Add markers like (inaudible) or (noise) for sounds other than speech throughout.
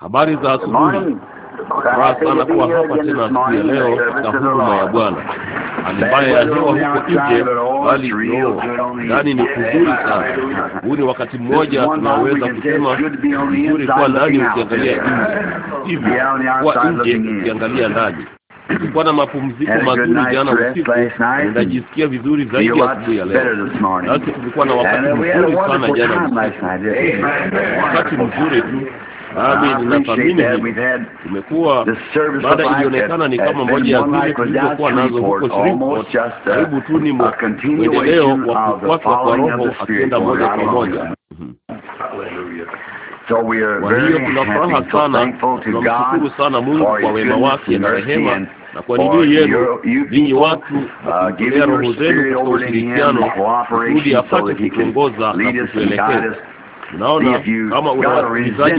Habari za asubuhi. Furaha sana kuwa hapa tena asubuhi ya leo katika huduma ya Bwana. Hali ya hewa huko nje, bali no, ndani ni kuzuri sana. Huu ni wakati mmoja tunaweza kusema vizuri kuwa ndani ukiangalia nje, hivyo kuwa nje ukiangalia ndani. Kulikuwa na mapumziko mazuri jana usiku, ninajisikia vizuri zaidi asubuhi ya leo. Basi kulikuwa na wakati mzuri sana jana usiku, wakati mzuri tu nami ninathamini hili. Tumekuwa baada, ilionekana ni kama moja ya zile tulizokuwa nazo huko Shreveport, karibu tu ni mwendeleo wa kupatwa kwa Roho akienda moja kwa moja. Mhm. Kwa hiyo tuna furaha sana, tunamshukuru sana Mungu kwa wema wake na rehema na kwa nini yenu ninyi watu mkitolea uh, roho zenu katika ushirikiano kusudi apate kutuongoza na kutuelekeza. Unaona, kama una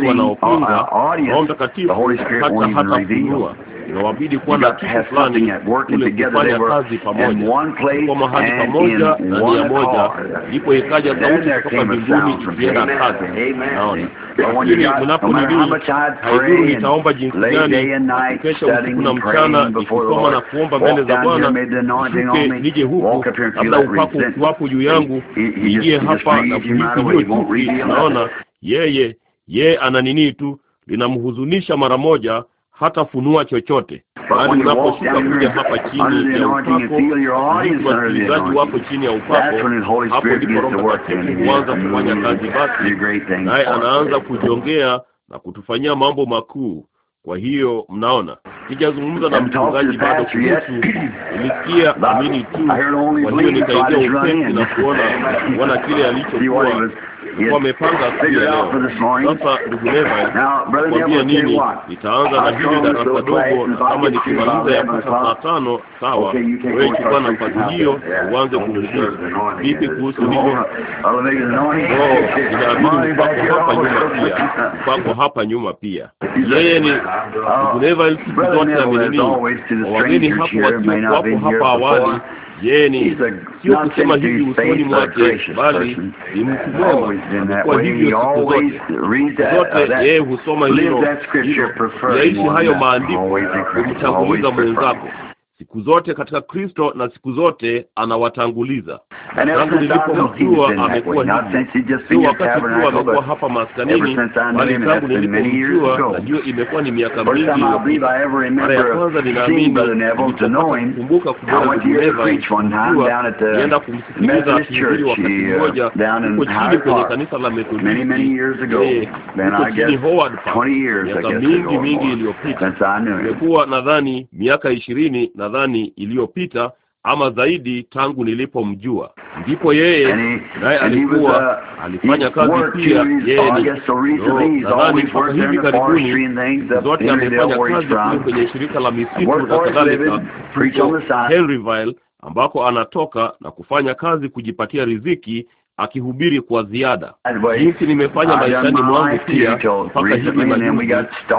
wanaopinga Roho Mtakatifu hata hata kuinua inawabidi kuwa na kitu fulani kule kufanya kazi pamoja, kwa mahali pamoja na nia moja. Ndipo ikaja sauti kutoka mbinguni ikienda kazi. Naona lakini unaponidii, haidhuru nitaomba jinsi gani, kukesha usiku na mchana nikisoma na kuomba mbele za Bwana, shuke nije huku, labda upako ukiwapo juu yangu, niingie hapa na kuhisi hiyo chuki. Naona yeye yeye ana nini tu linamhuzunisha mara moja hatafunua chochote, bali unaposhuka kuja hapa chini ya upako, wasikilizaji wako chini ya upako, hapo ndipo Roho Mtakatifu huanza kufanya kazi. Basi naye anaanza kujongea na kutufanyia mambo makuu. Kwa hiyo mnaona, sijazungumza na mchungaji bado kuhusu, nilisikia amini tu. Kwa hiyo nikaingia upesi na kuona kuona kile (laughs) alichokuwa wamepanga siku ya leo. Sasa ndugu Neva, kwambia nini? itaanza na hili darasa dogo, na kama nikimaliza ya kusa saa tano, sawa, wewe chukua nafasi hiyo uanze kuhubiri. Vipi kuhusu hivyo? Oh, inaamini upako hapa nyuma pia, upako hapa nyuma pia. Yeye ni ndugu Neva, siku zote amenini, wageni hapo wasiokuwapo hapa awali yeni sio kusema hivi usoni mwake, bali ni mtu mwema. Kwa hivyo siku zote uh, yeye husoma hilo, yaishi hayo maandiko, kumtanguliza mwenzako siku zote katika Kristo na siku zote anawatanguliza. Tangu nilipomjua amekuwa hivi, sio wakati tu amekuwa hapa maskanini, bali tangu nilipomjua. Najua imekuwa ni miaka mingi iliyopita, mara ya kwanza ninaamini nilipokumbuka kumwona kumsikiliza akihubiri wakati mmoja huko chini kwenye kanisa la Methodisti eh, miaka mingi mingi iliyopita. Imekuwa nadhani miaka ishirini na nadhani iliyopita ama zaidi tangu nilipomjua. Ndipo yeye naye alikuwa uh, alifanya kazi pia. Yeye nadhani mpaka hivi karibuni zote amefanya kazi kule kwenye shirika la misitu na kadhalika Henryville ambako anatoka na kufanya kazi kujipatia riziki akihubiri kwa ziada. Jinsi nimefanya maishani mwangu pia mpaka hivi majuzi,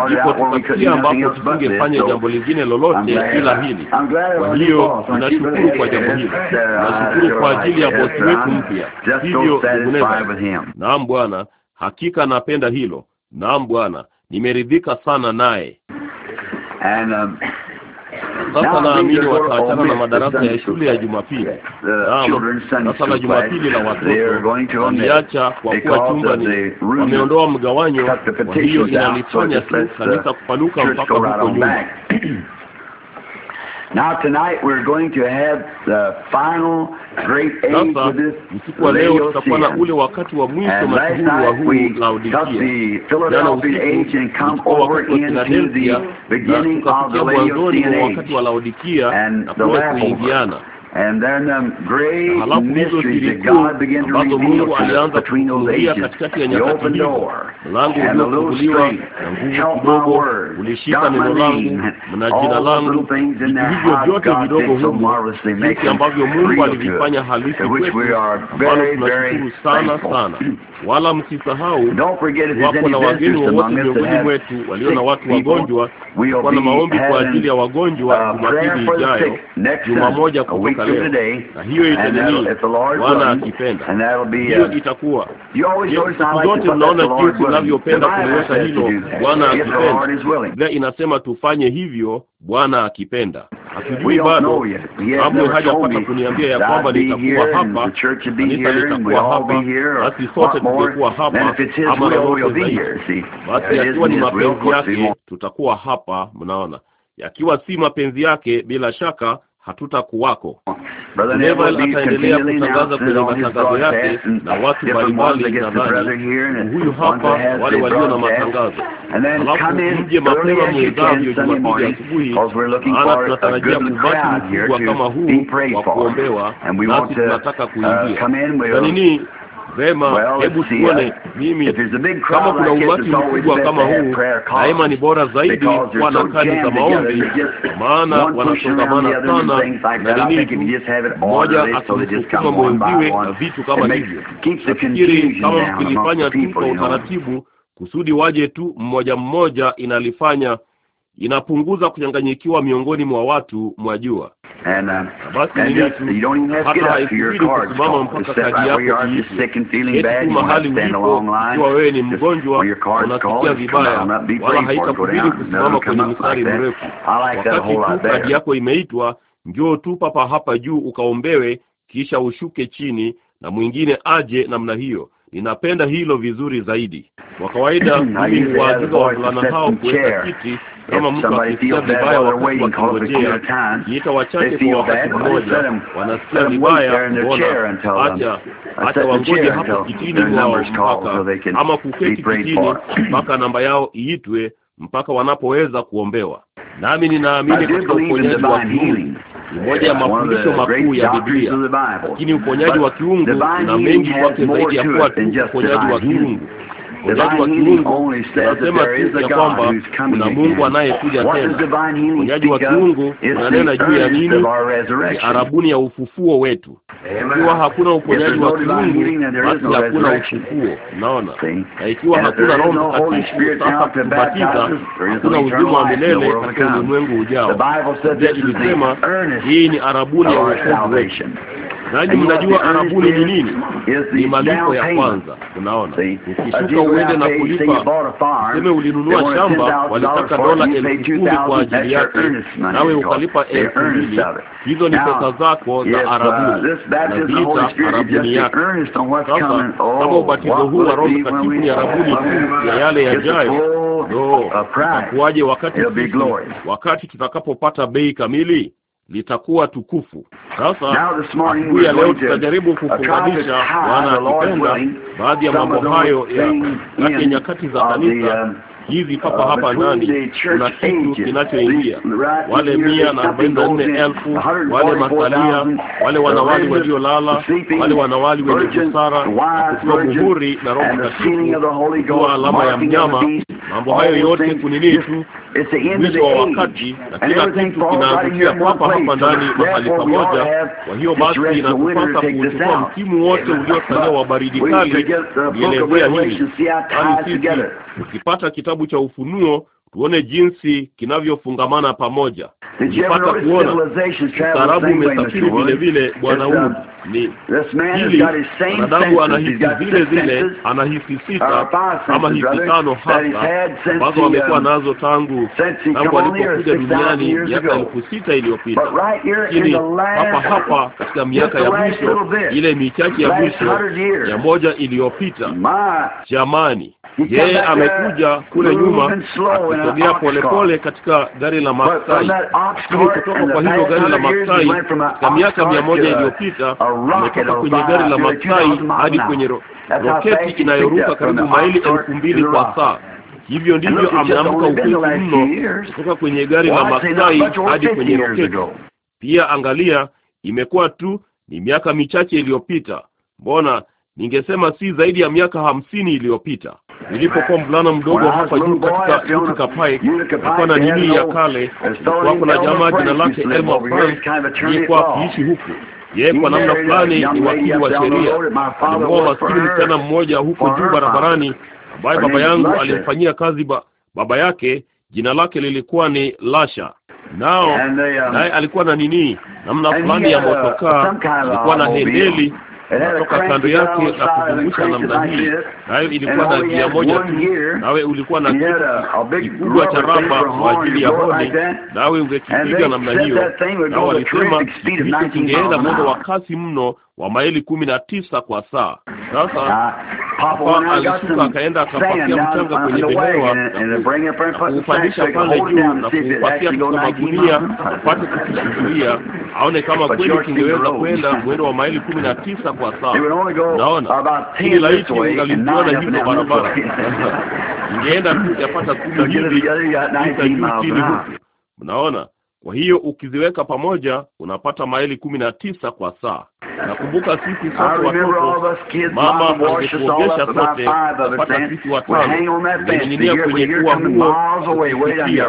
ndipo tukafikia ambapo tusingefanya jambo lingine lolote ila hili. Kwa hiyo tunashukuru kwa jambo hili, nashukuru uh, kwa ajili ya bosi wetu mpya, hivyo ningunena. Naam Bwana, hakika napenda hilo. Naam Bwana, nimeridhika sana naye. Um, sasa naamini wataachana na madarasa ya shule ya Jumapili. Uh, Naam, sasa la Jumapili la watoto waliacha kwa kuwa chumba ni wameondoa mgawanyo, kwa hiyo inalifanya tu uh, kanisa kupanuka mpaka huko nyuma. (clears throat) Sasa usiku wa leo tutakuwa na ule wakati wa mwisho mashuhuri wa huu Laodikia. Jana usiku wakati wa Filadelfia beginning of the mwa wakati wa Laodikia na kule kuingiana Um, halafu hizo zilikuwa ambazo Mungu alianza kufunulia katikati ya nyakati hizo. Mlango uliofunguliwa na nguvu kidogo ulishika neno langu na jina langu, hivyo vyote vidogo humo, jinsi ambavyo Mungu alivifanya halisi kwetu, ambalo tunashukuru sana sana wala msisahau, wapo na wageni wowote miongoni mwetu walio na watu wagonjwa. Tutakuwa na maombi kwa ajili ya wagonjwa uh, Jumapili ijayo, juma moja kutoka leo, na hiyo itanini, Bwana akipenda, hiyo uh, itakuwa. Siku zote mnaona jinsi mnavyopenda kuliweka hilo, Bwana akipenda, na inasema tufanye hivyo, Bwana akipenda. Hatujui bado, kabla hajapata kuniambia ya kwamba nitakuwa hapa, kanisa litakuwa hapa, basi sote atakapokuwa hapa ama zaidi. Basi yakiwa ni mapenzi yake tutakuwa hapa, mnaona. Yakiwa si mapenzi yake, bila shaka hatutakuwako. Neville ataendelea kutangaza kwenye matangazo yake na watu mbalimbali, nadhani huyu hapa, wale walio na matangazo. Halafu mje mapema mwezavyo Jumapili asubuhi, maana tunatarajia kubaki mkubwa kama huu wa kuombewa, nasi tunataka kuingia uh, na yaani nini Vema, hebu tuone. Uh, mimi kama kuna umati mkubwa kama huu, daima ni bora zaidi kuwa na kadi za maombi, maana wanasongamana sana na nini, mmoja akimsukuma mwenziwe na vitu kama hivyo. Nafikiri kama mkilifanya tu kwa utaratibu, kusudi waje tu mmoja mmoja, inalifanya inapunguza kuchanganyikiwa miongoni mwa watu, mwajua. Uh, Basi hata haikubidi kusimama mpaka kadi yako iishe mahali ulipo. Ikiwa wewe ni mgonjwa unasikia vibaya, wala haitakubidi kusimama kwenye mstari mrefu. Wakati tu kadi yako imeitwa, njoo tu papa hapa juu ukaombewe, kisha ushuke chini na mwingine aje namna hiyo. Ninapenda hilo vizuri zaidi. Kwa kawaida (clears throat) mimi huwaagiza wavulana hao kuweka kiti kama mtu akisikia vibaya wakati wakingojea, niita wachache kwa wakati mmoja, wanasikia vibaya, mbona hata wangoje hapo kitini wao mpaka ama kuketi kitini (clears throat) mpaka namba yao iitwe mpaka wanapoweza kuombewa. Nami ninaamini katika uponyaji wa kiungu ni moja ya mafundisho makuu ya Biblia, lakini uponyaji wa kiungu una mengi kwake zaidi ya kuwa tu uponyaji wa kiungu. Uponyaji wa kiungu unasema tu ya kwamba kuna Mungu anayekuja tena. Uponyaji wa kiungu unanena juu ya nini? Ni arabuni ya ufufuo wetu. Ikiwa hakuna uponyaji wa kiungu, basi hakuna ufufuo. Unaona, na ikiwa hakuna Roho Mtakatifu sasa kubatiza, hakuna uzima wa milele katika ulimwengu ujao. Biblia ilisema hii ni arabuni ya ufufuo wetu. Nani, mnajua arabuni ni nini? Ni malipo ya kwanza. Unaona, ukishuka uende na kulipa, useme ulinunua shamba, walitaka dola elfu kumi kwa ajili yake, nawe ukalipa elfu mbili. Hizo ni pesa zako za arabuni, naziita arabuni yake. Sasa kama oh, ubatizo huu wa Roho Mtakatifu ni arabuni tu ya yale yajayo, no, uh, itakuwaje wakati wakati tutakapopata bei kamili? litakuwa tukufu. Sasa asubuhi ya leo tutajaribu kufunganisha, Bwana akipenda, baadhi ya mambo hayo katika nyakati za kanisa uh, hizi uh, papa hapa ndani kuna kitu kinachoingia wale mia na arobaini na nne elfu wale masalia, wale wanawali waliolala, wale wanawali wenye busara, kukiwa muhuri na Roho Mtakatifu, kuwa alama ya mnyama Mambo hayo yote kunini tu mwisho wa wakati, na kila kitu kinaangukia papa hapa ndani mahali pamoja. Kwa hiyo basi, inatupasa kuuchukua msimu wote uliosalia wa baridi kali. Nielezea hili, yaani sisi tukipata kitabu cha Ufunuo tuone jinsi kinavyofungamana pamoja. Ukipata kuona ustaarabu umesafiri vile vile, bwana huyu ni hili mwanadamu anahisi vile vile, anahisi sita ama hisi tano hasa ambazo wamekuwa um, nazo tangu tangu alipokuja duniani miaka elfu sita iliyopita, lakini hapa hapa katika miaka ya mwisho, ile michache ya mwisho ya moja iliyopita, jamani yeye uh, amekuja kule nyuma akisogea polepole katika gari la maksai, lakini kutoka kwa hilo gari la maksai katika miaka mia moja uh, iliyopita ametoka kwenye gari la maksai hadi kwenye ro roketi inayoruka karibu maili elfu mbili kwa saa. Hivyo ndivyo ameamka upesi mno kutoka kwenye gari la maksai hadi kwenye roketi. Pia angalia, imekuwa tu ni miaka michache iliyopita. Mbona ningesema si zaidi ya miaka hamsini iliyopita nilipokuwa mvulana mdogo hapa juu katika Utica Pike, kulikuwa na nini ya kale, kulikuwa na jamaa jina lake Elmer Frank aliyekuwa akiishi huku yeye kwa namna fulani ni wakili wa sheria. Alikuwa maskini msichana mmoja huko juu barabarani, ambaye baba yangu alimfanyia kazi ba, baba yake jina lake lilikuwa ni Lasha nao um, naye alikuwa na nini, namna fulani ya motokaa, alikuwa na hendeli natoka kando yake na kuzungusha namna hii. Nayo ilikuwa na njia moja tu, nawe ulikuwa na kikubwa cha raba kwa ajili ya honi, nawe ungekipiga namna hiyo, na walisema hicho kingeenda mwendo wa kasi mno wa maili kumi na tisa kwa saa. Sasa ah, hapa alishuka akaenda akapakia mchanga kwenye behewa kufanisha pale juu na kupakia katika magunia apate kukichukulia, aone kama kweli kingeweza kwenda mwendo wa maili kumi na tisa kwa saa. Naona ili laiti ungaliziona hivyo barabara ingeenda tu yapata kumi hivi juu chini huku, mnaona kwa hiyo ukiziweka pamoja unapata maili kumi na tisa kwa saa. Nakumbuka sisi sote watoto, mama angetuogesha sote, napata sisi watano imenyinia kwenye kuwa huo ikisikia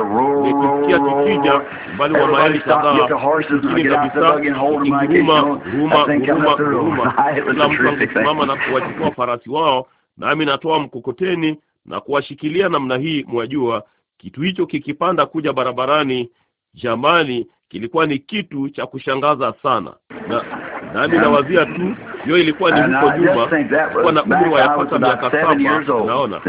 tukija umbali wa maili kadhaa chini kabisa, ikiguruma guruma guruma guruma, kila mtu angesimama na kuwachukua farasi wao, nami natoa mkokoteni na kuwashikilia namna hii, mwajua kitu hicho kikipanda kuja barabarani Jamani, kilikuwa ni kitu cha kushangaza sana, na nami nawazia tu hiyo ilikuwa ni huko nyuma, kuwa na umri wa yapata miaka saba. Naona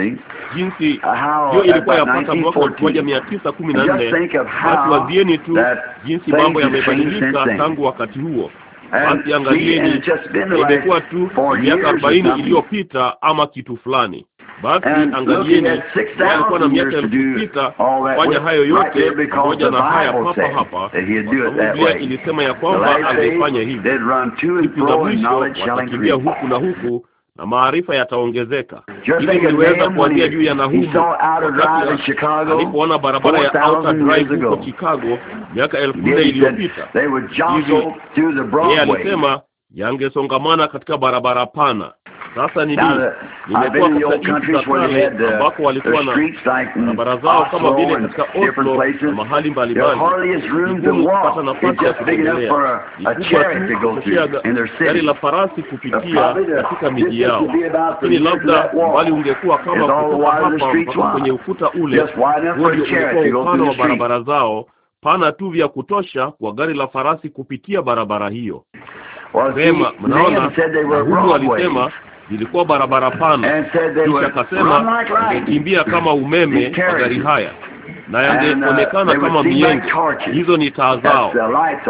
jinsi uh, hiyo ilikuwa yapata mwaka elfu moja mia tisa kumi na nne. Basi wazieni tu jinsi mambo yamebadilika tangu wakati huo. Basi angalieni, imekuwa tu miaka arobaini iliyopita ama kitu fulani. Basi angalieni, alikuwa na miaka elfu sita fanya hayo yote pamoja na haya papa hapa. Biblia ilisema ya kwamba angefanya hivi, siku za mwisho watakimbia huku na huku na maarifa yataongezeka. Hivi niliweza kuanzia juu ya Nahumu alipoona barabara ya Outer Drive huko Chicago miaka elfu nne iliyopita. Hivyo yeye alisema yangesongamana katika barabara pana sasa ni nini? Uh, Nimekuwa katika nchi za kale uh, ambako walikuwa na barabara zao kama vile katika Oslo na mahali mbalimbali, vigumu kupata nafasi ya kutembelea, ni kubwa tu gari la farasi kupitia katika miji yao, lakini labda mbali ungekuwa kama kutoka hapa mpaka kwenye ukuta ule, huo ndio ulikuwa upana wa barabara zao, pana tu vya kutosha kwa gari la farasi kupitia barabara hiyo. Sema mnaona, huku walisema Ilikuwa barabara pana, kisha akasema ingekimbia kama umeme magari haya na uh, yangeonekana uh, kama mienge. Hizo ni taa zao.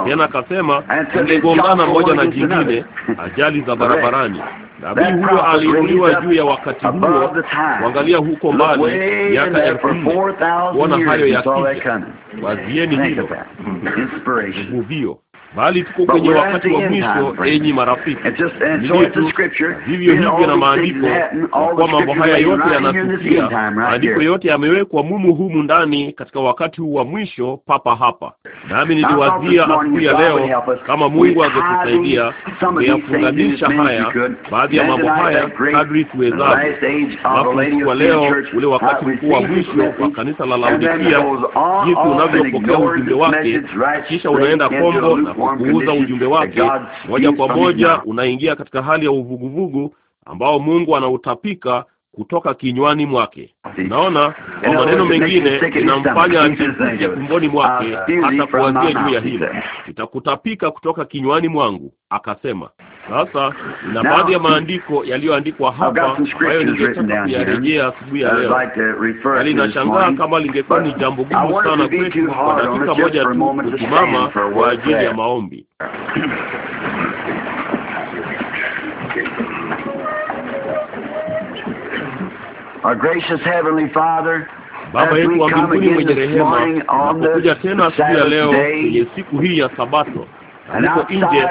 Tena akasema ingegongana moja na jingine, ajali za (laughs) barabarani. Nabii huyo aliinuliwa juu ya wakati huo, kuangalia huko mbali, miaka elfu nne kuona hayo yakija. Wazieni hilo uvuvio bali tuko kwenye wakati wa mwisho, enyi marafiki. vivyo hivyo na maandiko, kwa mambo haya yote yanatukia. Maandiko yote yamewekwa mumu humu ndani katika wakati huu wa mwisho papa hapa. Nami niliwazia asubuhi ya leo, kama Mungu angetusaidia kuyafunganisha haya, baadhi ya mambo haya kadri tuwezavyo. Alafu wa leo, ule wakati mkuu wa mwisho wa kanisa la Laodikia, jinsi unavyopokea ujumbe wake, kisha unaenda kombo kuuza ujumbe wake, moja kwa moja unaingia katika hali ya uvuguvugu ambao Mungu anautapika kutoka kinywani mwake. Naona kwa maneno mengine, inamfanya chiuke tumboni mwake hata kuanzia juu ya hili, itakutapika kutoka kinywani mwangu, akasema. Sasa na baadhi ya maandiko yaliyoandikwa hapa ambayo ningetaka kuyarejea asubuhi ya leo. Hali yaani nashangaa kama lingekuwa ni jambo gumu sana kwetu kwa dakika moja tu kusimama kwa ajili ya maombi. Baba yetu wa mbinguni mwenye rehema, tunakuja tena asubuhi ya leo kwenye siku hii ya Sabato ndipo nje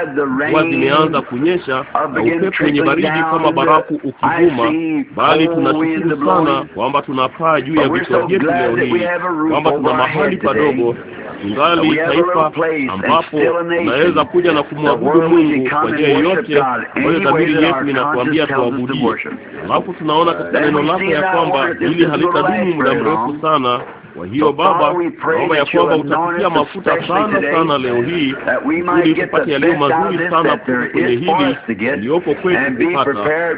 huwa zimeanza kunyesha na upepo wenye baridi kama barafu ukivuma, bali tunashukuru sana kwamba tunapaa juu ya vichwa vyetu leo hii, kwamba tuna mahali padogo tungali taifa ambapo unaweza kuja na kumwabudu Mungu kwa njia yoyote ambayo dhamiri yetu inakuambia tuabudie. Alafu tunaona katika neno lako ya kwamba hili halitadumu muda mrefu sana, kwa hiyo Baba, naomba ya kwamba utatutia mafuta sana sana leo hii ili tupate yaliyo mazuri sana kwenye hili iliyopo kwetu kupata,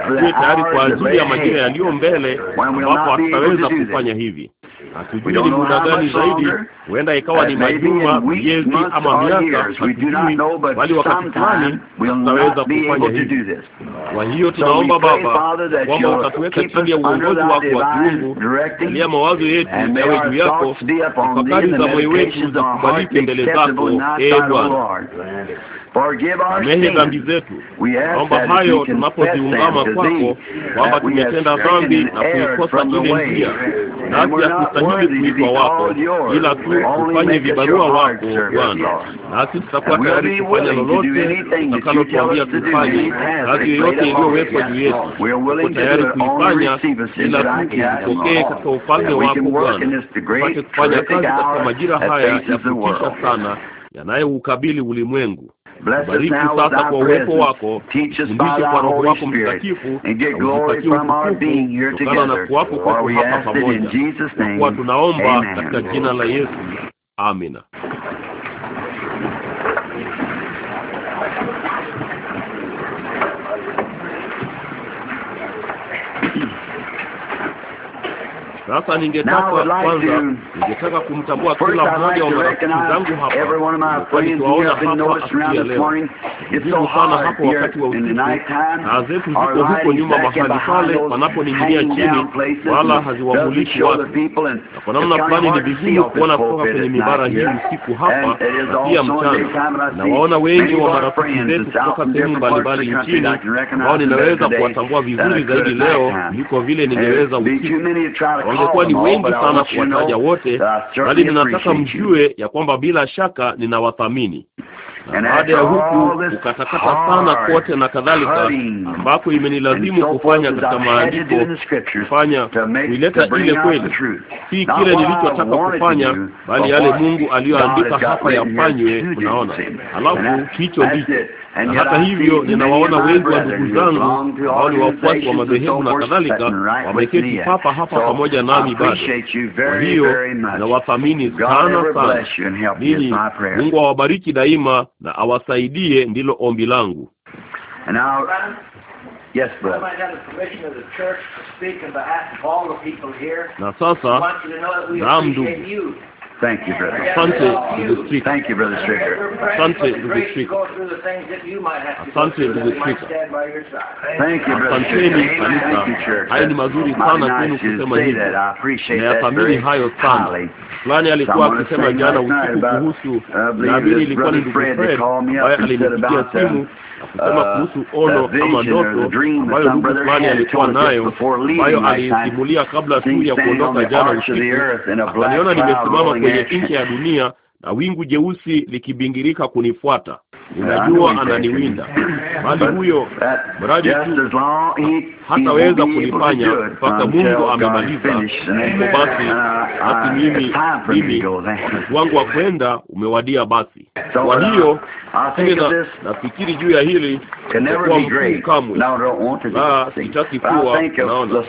tuwe tayari kwa ajili ya majira yaliyo mbele, ambapo hatutaweza kufanya hivi. Hatujui ni muda gani zaidi, huenda ikawa ni majuma, miezi ama miaka, hatujui, bali wakati fulani tutaweza kufanya hivi. Kwa hiyo tunaomba Baba kwamba utatuweka chini ya uongozi wako wa kiungu, alia mawazo yetu yawe juu yako, tafakari za moyo wetu zikubalike mbele zako, ee Bwana samehe dhambi zetu. Naomba hayo tunapoziungama kwako, kwamba tumetenda dhambi na kuikosa ile njia, nasi hatustahili kuitwa wako, ila tu tufanye vibarua wako Bwana, nasi tutakuwa tayari kufanya lolote utakalotuambia tufanye. Kazi yoyote iliyowekwa juu yetu tuko tayari kuifanya, ila tu tuzipokee katika ufalme wako Bwana, tupate kufanya kazi katika majira haya ya kutisha sana yanayoukabili ulimwengu. Bariki sasa kwa uwepo wako, fundishe kwa Roho wako Mtakatifu utupatie utukufu kutokana na kuwako kwetu hapa pamoja, kwa tunaomba katika jina la Yesu, amina. Sasa ningetaka kwanza, ningetaka kumtambua kila mmoja wa marafiki zangu hapa, nikiwaona hapa asubuhi leo, sana hapo wakati wa usiku. Taa zetu ziko huko nyuma mahali pale panaponing'inia chini, wala haziwamulishi watu, na kwa namna fulani ni vizuri kuona kutoka kwenye mibara hii usiku hapa na pia mchana. Nawaona wengi wa marafiki zetu kutoka sehemu mbalimbali nchini ambao ninaweza kuwatambua vizuri zaidi leo kuliko vile ningeweza usiku ingekuwa ni wengi sana kuwataja wote, bali ninataka mjue ya kwamba bila shaka ninawathamini. Na baada ya huku ukatakata sana kote na kadhalika, ambapo imenilazimu kufanya katika maandiko, kufanya kuileta ile kweli, si kile nilichotaka kufanya, bali yale Mungu aliyoandika hapa yafanywe. Unaona, alafu hicho ndicho na hata hivyo ninawaona wengi wa ndugu zangu ambao ni wafuasi wa madhehebu na kadhalika, wameketi hapa hapa pamoja nami bado. Kwa hiyo nawathamini sana sana mimi. Mungu awabariki daima na awasaidie, ndilo ombi langu. Yes, na sasa naam, ndugu Thank you, brother. Asante ndugu Strika. Thank you, brother Strika. Asante ndugu Strika. Asante ndugu Strika. Thank you, brother. Asanteni kanisa. Hayo ni mazuri sana kwenu kusema hivyo. Nayathamini hayo sana. Fulani alikuwa akisema jana usiku kuhusu, naamini ilikuwa ni ndugu Fred ambaye alinipigia uh, simu akisema uh, kuhusu ono ama ndoto ambayo ndugu fulani alikuwa nayo ambayo alisimulia kabla tu ya kuondoka jana usiku. Akaniona nimesimama kwenye nchi ya dunia na wingu jeusi likibingirika kunifuata ninajua yaani ananiwinda, bali huyo mradi tu hataweza kunifanya mpaka Mungu amemaliza. Basi uh, basi uh, mimi mimi wangu wa kwenda umewadia. Basi kwa uh, hiyo tena nafikiri juu ya hili ah, kuwa mkuu kamwe, sitaki kuwa naona,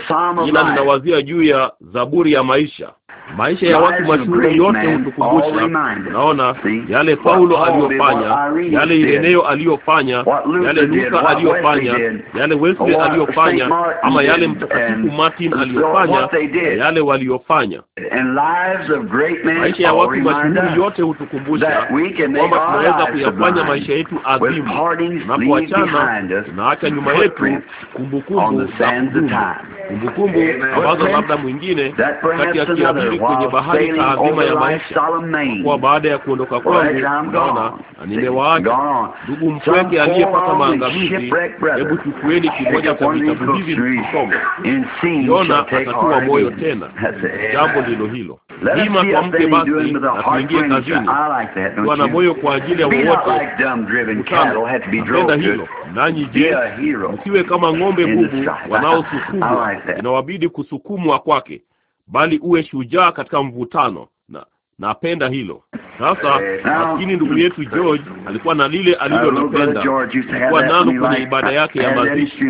ila ninawazia juu ya Zaburi ya maisha Maisha ya watu mashuhuri yote hutukumbusha, unaona yale Paulo aliyofanya, yale Ireneo aliyofanya, yale Luka aliyofanya, yale Wesley aliyofanya, ama yale mtakatifu Martin aliyofanya, yale waliofanya. Maisha ya watu mashuhuri yote hutukumbusha kwamba tunaweza kuyafanya maisha yetu adhimu, tunapoachana tunaacha nyuma yetu kumbukumbu kudumu, kumbukumbu ambazo labda mwingine kati ya kiabiri kwenye bahari taadhima ya maisha, kwa baada ya kuondoka kwangu, Bwana nimewaacha. Ndugu mpweke aliyepata maangamizi, hebu chukueni kimoja cha vitabu hivi mkisoma, Yona atatua moyo tena. Jambo ndilo hilo ima kwa mke basi atuingie kazini kuwa na moyo kwa ajili ya wowote Napenda hilo. Nanyi je, msiwe kama ng'ombe bubu (laughs) wanaosukumwa, inawabidi kusukumwa kwake bali uwe shujaa katika mvutano, na napenda hilo. Sasa lakini eh, ndugu yetu George alikuwa na lile uh, alilolipenda, alikuwa nalo kwenye ibada yake ya mazishi.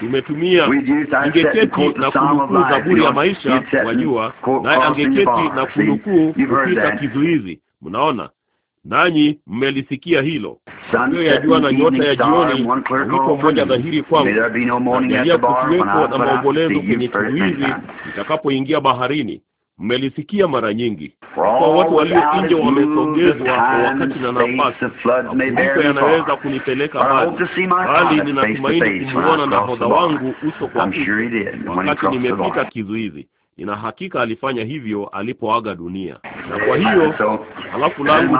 Tumetumia, ingeketi na kunukuu Zaburi ya Maisha, wajua, naye angeketi na kunukuu kupita kizuizi. Mnaona, nanyi mmelisikia hilo. Hiyo yajua na nyota ya jioni, wito mmoja dhahiri kwangu, nakilia kusiweko na maombolezo kwenye kizuizi itakapoingia baharini. Mmelisikia mara nyingi. Kwa watu walio nje wamesogezwa kwa wakati na nafasi, mafuriko yanaweza kunipeleka mbali, bali ninatumaini kumwona nahodha wangu uso kwa uso wakati nimepita kizuizi. Nina hakika alifanya hivyo alipoaga dunia, na kwa hiyo halafu langu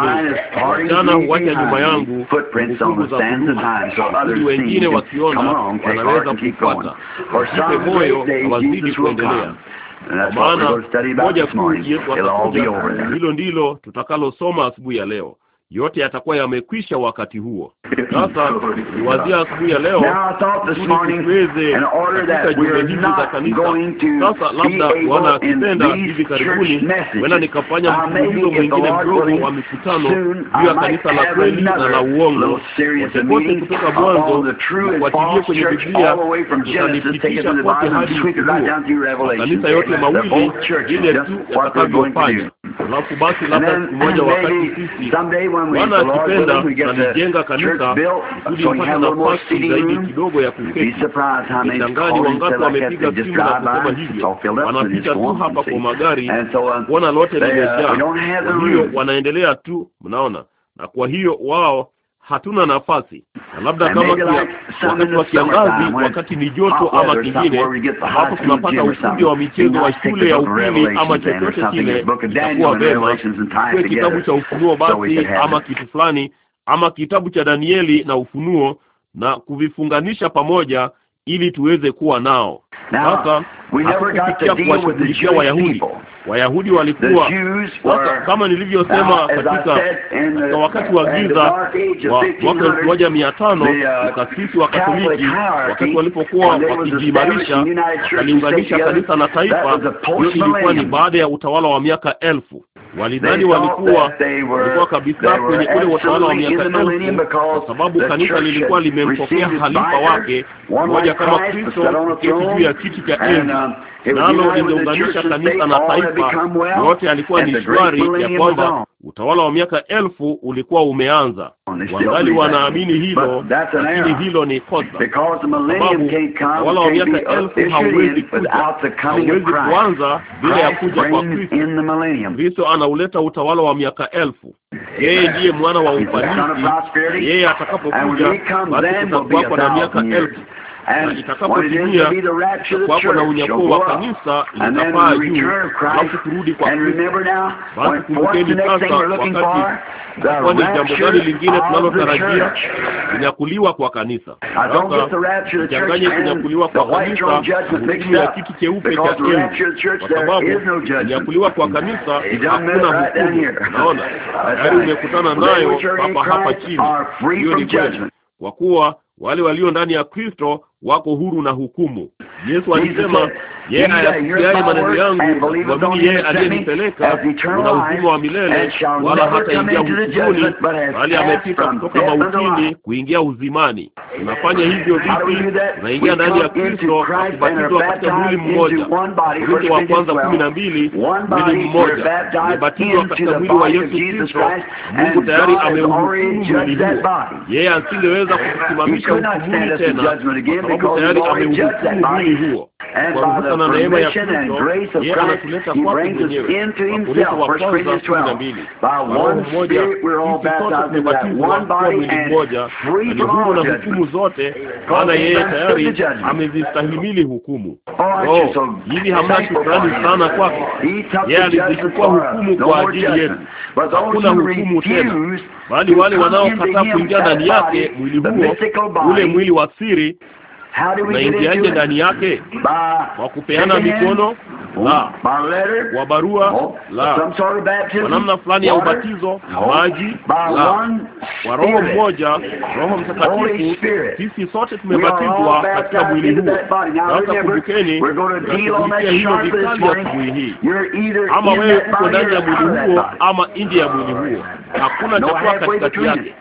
jana huacha nyuma yangu kumbukumbu za ili wengine wakiona wanaweza kufuata, wasipe moyo na wazidi kuendelea, kwa maana moja kuu Yesu atakuja. Hilo ndilo tutakalosoma asubuhi ya leo yote yatakuwa yamekwisha wakati huo. Sasa niwazia asubuhi ya leo tuweze katika jumbe hizi za kanisa. Sasa labda Bwana akipenda, hivi karibuni wena nikafanya mzunguzo mwingine mdogo wa mikutano juu ya kanisa la kweli na la uongo. Wote kutoka mwanzo kufuatilia kwenye Biblia, utanipitisha kote hadi kanisa yote mawili ile tu yatakavyofanya. Alafu basi labda mmoja wakati sisi Bwana akipenda alijenga kanisa kusudi mpate nafasi zaidi kidogo ya kuketi. Itangani wangapi wamepiga simu na kusema hivyo, wanapita tu hapa kwa magari uh, kuona lote uh, limejaa, kwa hiyo wanaendelea tu, mnaona. Na kwa hiyo wao hatuna nafasi na labda kama kia, wakati wa kiangazi, wakati ni joto ama kingine, ambapo tunapata ukumbi wa michezo wa shule ya upili ama chochote kile, itakuwa vema kitabu cha Ufunuo basi ama kitu fulani ama kitabu cha Danieli na Ufunuo na kuvifunganisha pamoja ili tuweze kuwa nao sasa hatukufikia kuwashughulikia Wayahudi. Wayahudi walikuwa sasa, kama nilivyosema katika katika wakati wa giza wa mwaka elfu moja mia tano ukasisi uh, wa Katoliki wakati walipokuwa wakijiimarisha waliunganisha kanisa na taifa. Hiyo ilikuwa ni baada ya utawala wa miaka elfu walidhani walikuwa walikuwa kabisa kwenye ule watawala wa miaka elfu, kwa sababu kanisa lilikuwa limempokea halifa wake mmoja kama Kristo kuketi juu ya kiti cha enzi, um, nalo lingeunganisha kanisa na taifa yote. Alikuwa ni shwari ya kwamba Utawala wa miaka elfu ulikuwa umeanza. Wangali wanaamini hilo, lakini hilo ni kosa, sababu utawala wa miaka elfu hauwezi kuja, hauwezi kuanza bila ya kuja kwa Kristo. Kristo anauleta utawala wa miaka elfu. Yeye ndiye mwana wa ufanisi. Yeye atakapokuja, basi kutakuwako na miaka elfu Itakapotimia kwako na unyakuo wa kanisa litapaa juu, alafu kurudi kwa Kristo. Basi kumbukeni sasa, wakati kwani jambo gani lingine tunalotarajia? Kunyakuliwa kwa kanisa. Sasa changanye kunyakuliwa kwa kanisa hukumu ya kiti cheupe cha enzi, kwa sababu kunyakuliwa kwa kanisa hakuna hukumu. Naona tayari umekutana nayo papa hapa chini. Hiyo ni kweli, kwa kuwa wale walio ndani ya Kristo wako huru na hukumu. Yesu alisema, yeye ayasikiaye maneno yangu, wamini yeye aliyenipeleka, una uzima wa milele, wala ingia hukumuni, bali amepita kutoka mautini kuingia uzimani. Unafanya hivyo vipi? Unaingia ndani ya Kristo, kubatizwa katika mwili mmoja. Korinto wa kwanza kumi na mbili, mwili mmoja, umebatizwa katika mwili wa Yesu Kristo. Mungu tayari ameuhukumu mwili huo. Yeye asingeweza kusimamisha hukumuni tena Mungu tayari ameugusia mwili huo kwa ruhusa na neema ya Kristo. Yeye anatuleta kwake mwenyewe, Wakorintho wa kwanza kumi na mbili. Kwa roho mmoja sote tumebatizwa kuwa mwili mmoja, ni huru na hukumu zote, maana yeye tayari amezistahimili hukumu. Oh, hivi hamna shukrani sana kwake? Yeye alizichukua hukumu kwa ajili yetu. Hakuna hukumu tena, bali wale wanaokataa kuingia ndani yake mwili huo, ule mwili wa siri tunaingiaje ndani yake? Kwa kupeana mikono? La. Kwa barua? Oh, La. Kwa namna fulani ya ubatizo? Oh, Maji? La. Kwa roho mmoja, Roho Mtakatifu. Sisi sote tumebatizwa katika mwili huu. Sasa kumbukeni, tunashughulikia hilo vikali asubuhi hii. Ama wewe uko ndani ya mwili huo ama nje ya mwili huo, hakuna chakua katikati yake.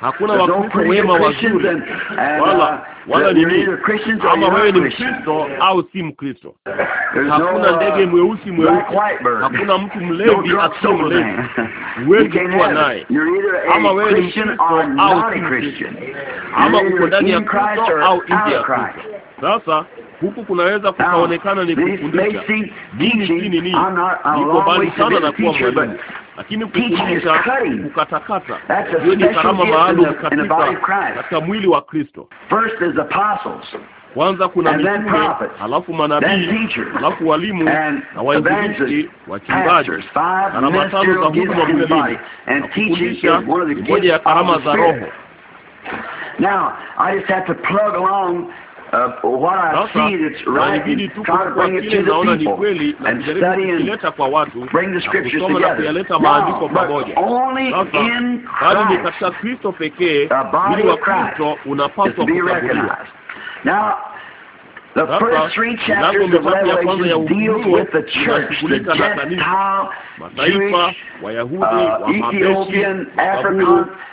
Hakuna Wakristo wema wazuri wala uh, wala nini, ama wewe ni Mkristo au si Mkristo. Hakuna uh, ndege mweusi mweupe, hakuna mtu mlevi asiye mlevi, (laughs) huwezi kuwa naye. Ama wewe ni Mkristo au si Mkristo, ama uko ndani ya Kristo au nje ya Kristo. Sasa huku kunaweza kukaonekana ni kufundisha. Mimi si nini, niko mbali sana na kuwa mwalimu, lakini kufundisha, kukatakata, hiyo ni karama maalum katika katika mwili wa Kristo. Kwanza kuna mitume, halafu manabii, halafu walimu na wainjilisti, wachungaji. Karama tano za huduma mwilini na kufundisha ni moja ya karama za Roho. Now, I just have to plug along Uh, Nahubiri tu kwa kile naona ni kweli na kujaribu kukileta kwa watu kusoma na kuyaleta maandiko pamoja. Sasa bali ni katika Kristo pekee mwili wa Kristo unapaswa kutambuliwa. Milango mitatu ya kwanza ya Ufunuo inashughulika na kanisa, mataifa, Wayahudi, Wamameshi, Waafrika,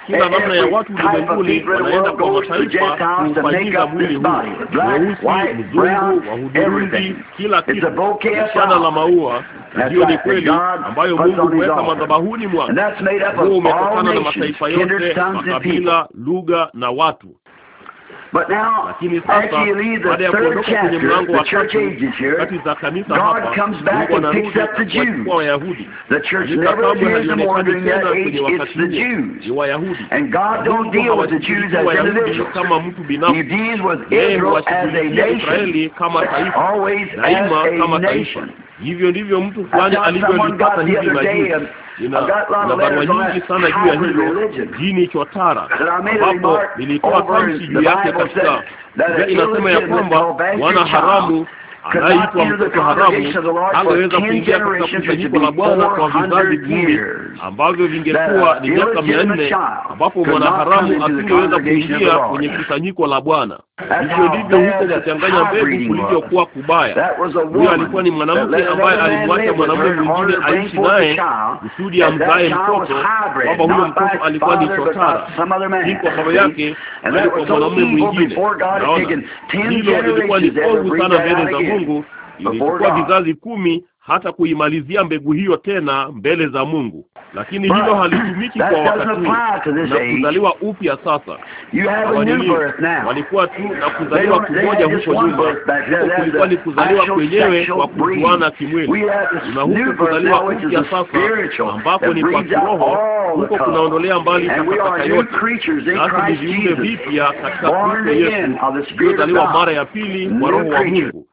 kila namna ya watu ulimwenguni wanaenda kwa mataifa kuufanyiza mwili huu weusi, mzungu, wahudhurungi, kila kitu. Shada la maua ndiyo ni kweli ambayo Mungu huweka madhabahuni mwake. Huo umetokana na mataifa yote, makabila, lugha na watu But now, lakini sasa baada ya kuondoka kwenye mlango wa tatu kati za kanisa hapa, Mungu anarudi kuwachukua Wayahudi. Kanisa kamwe halionekani tena kwenye wakati huo, ni Wayahudi. Mungu hawashughulikii Wayahudi kama mtu binafsi, yeye huwashughulikia Israeli kama taifa, daima kama taifa. Hivyo ndivyo mtu fulani alivyolipata hivi majuzi um, nina, barua nyingi sana juu ya hilo jini chotara, ambapo nilitoa tamshi juu yake katika. Inasema ya kwamba wana haramu anayeitwa mtoto haramu angeweza kuingia katika kusanyiko la Bwana kwa vizazi kumi ambavyo vingekuwa ni miaka mia nne ambapo mwanaharamu asingeweza kuingia kwenye kusanyiko la Bwana. Hivyo ndivyo huko kuchanganya mbegu kulivyokuwa kubaya. Huyo alikuwa ni mwanamke ambaye alimwacha mwanamume mwingine aishi naye kusudi amzae mtoto, kwamba huyo mtoto alikuwa ni chotara, si kwa baba yake, bali kwa mwanamume mwingine. Naona hilo lilikuwa ni ovu sana mbele za Mungu ilichukua vizazi kumi hata kuimalizia mbegu hiyo tena mbele za Mungu, lakini hilo halitumiki kwa wakati na kuzaliwa upya sasa. walikuwa tu na kuzaliwa kumoja huko nyuma, huko kulikuwa ni kuzaliwa kwenyewe kwa kujuana kimwili, na huku kuzaliwa upya sasa ambapo ni kwa kiroho, huko kunaondolea mbali takataka yote, nasi ni viumbe vipya katika Kristo Yesu, kuzaliwa mara ya pili kwa Roho wa Mungu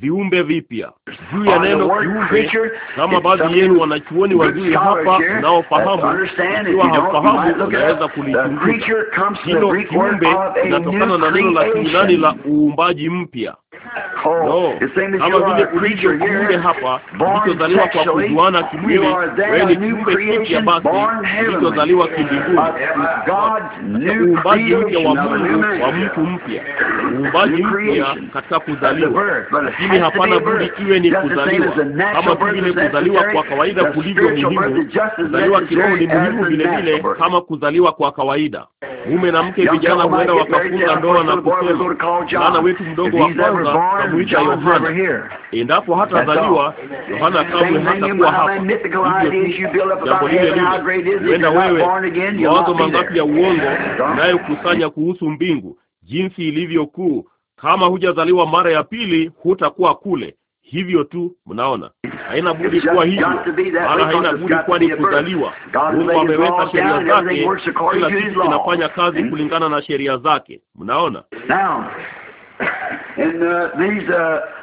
viumbe vipya juu ya neno viumbe. Kama baadhi yenu wanachuoni wazuri hapa naofahamu, ikiwa hafahamu, unaweza kulichunguza hilo. Kiumbe inatokana na neno la Kiunani la uumbaji mpya Oh, kama vile kulivyo kiumbe hapa kilichozaliwa kwa kujuana kimwili, wewe ni kiumbe kipya basi kilichozaliwa kimbinguni, uumbaji mpya wa Mungu wa mtu mpya, uumbaji mpya katika kuzaliwa. Lakini hapana budi iwe ni kuzaliwa, kama vile kuzaliwa kwa kawaida kulivyo muhimu. Kuzaliwa kiroho ni muhimu vile vile kama kuzaliwa kwa kawaida mume na mke, vijana huenda wakafunga ndoa na kusema, mwana wetu mdogo wa kwanza kamwita Yohana. Endapo hatazaliwa Yohana, kamwe hatakuwa hapa. Jambo lile lile, huenda wewe, mawazo mangapi ya uongo unayokusanya kuhusu mbingu, jinsi ilivyokuu! Kama hujazaliwa mara ya pili, hutakuwa kule. Hivyo tu mnaona, haina budi kuwa hivyo, maana haina budi kuwa ni kuzaliwa. Mungu ameweka sheria zake, kila kitu kinafanya kazi kulingana na sheria zake. Mnaona uh,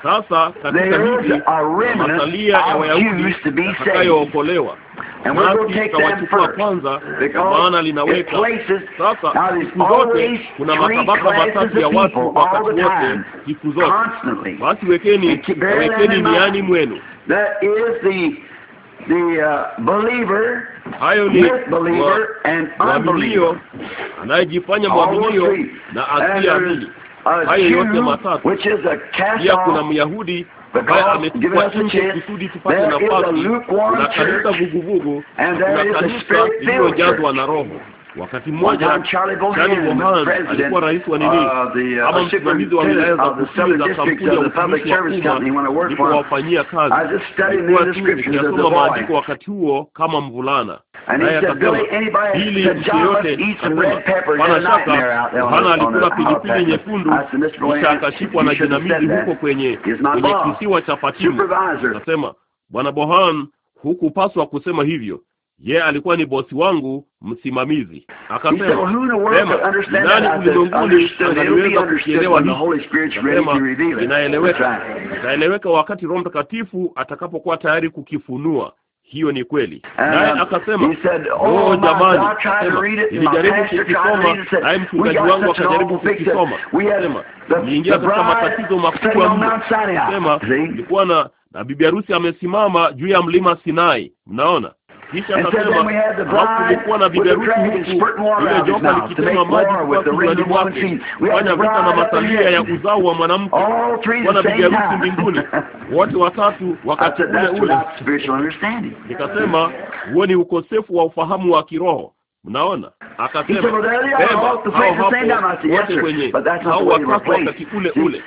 sasa, katika hizi masalia ya Wayahudi atakayookolewa nasi tutawachukua kwanza, kwa maana linaweka sasa. Siku zote kuna matabaka matatu ya watu, wakati wote, siku zote. Basi wekeni wekeni ndani mwenu uh, hayo ni mwaminio anayejifanya mwaminio na asiyeamini, hayo yote matatu. Pia kuna Myahudi ambaye ametuachia kusudi tupate nafasi na kanisa vuguvugu na kanisa lililojazwa na Roho. Wakati mmoja Charlie Bohan alikuwa rais wa nini uh, uh, ama msimamizi wa wilaya za kusini za kampuni ya utumishi wa umma, nilipowafanyia kazi, nilikuwa maandiko wakati huo kama mvulana ili mtu yoyote ana shaka Yohana alikula pilipili nyekundu kisha akashikwa na jinamizi huko kwenye kwenye kisiwa cha Fatimu. Nasema bwana Bohan, hukupaswa kusema hivyo. Ye alikuwa ni bosi wangu msimamizi. Akasema nani ulimwenguni angaliweza kukielewa hiki? inaeleweka, itaeleweka wakati Roho Mtakatifu atakapokuwa tayari kukifunua hiyo ni kweli. Naye akasema oh, oh jamani, nilijaribu kukisoma, naye mchungaji wangu akajaribu kukisoma, sema niingia katika matatizo makubwa mno, sema ilikuwa na na bibi harusi amesimama juu ya mlima Sinai. Mnaona kisha akasema au na viberuti huku, lile joka likitenywa maji kutoka mwake, kufanya vita na masalia ya uzao wa mwanamke. na viberuti mbinguni (laughs) wote watatu wakati ule ule. Nikasema huo ni ukosefu wa ufahamu wa kiroho. Mnaona, akasema wote kwenye au wakati wakati ule ule,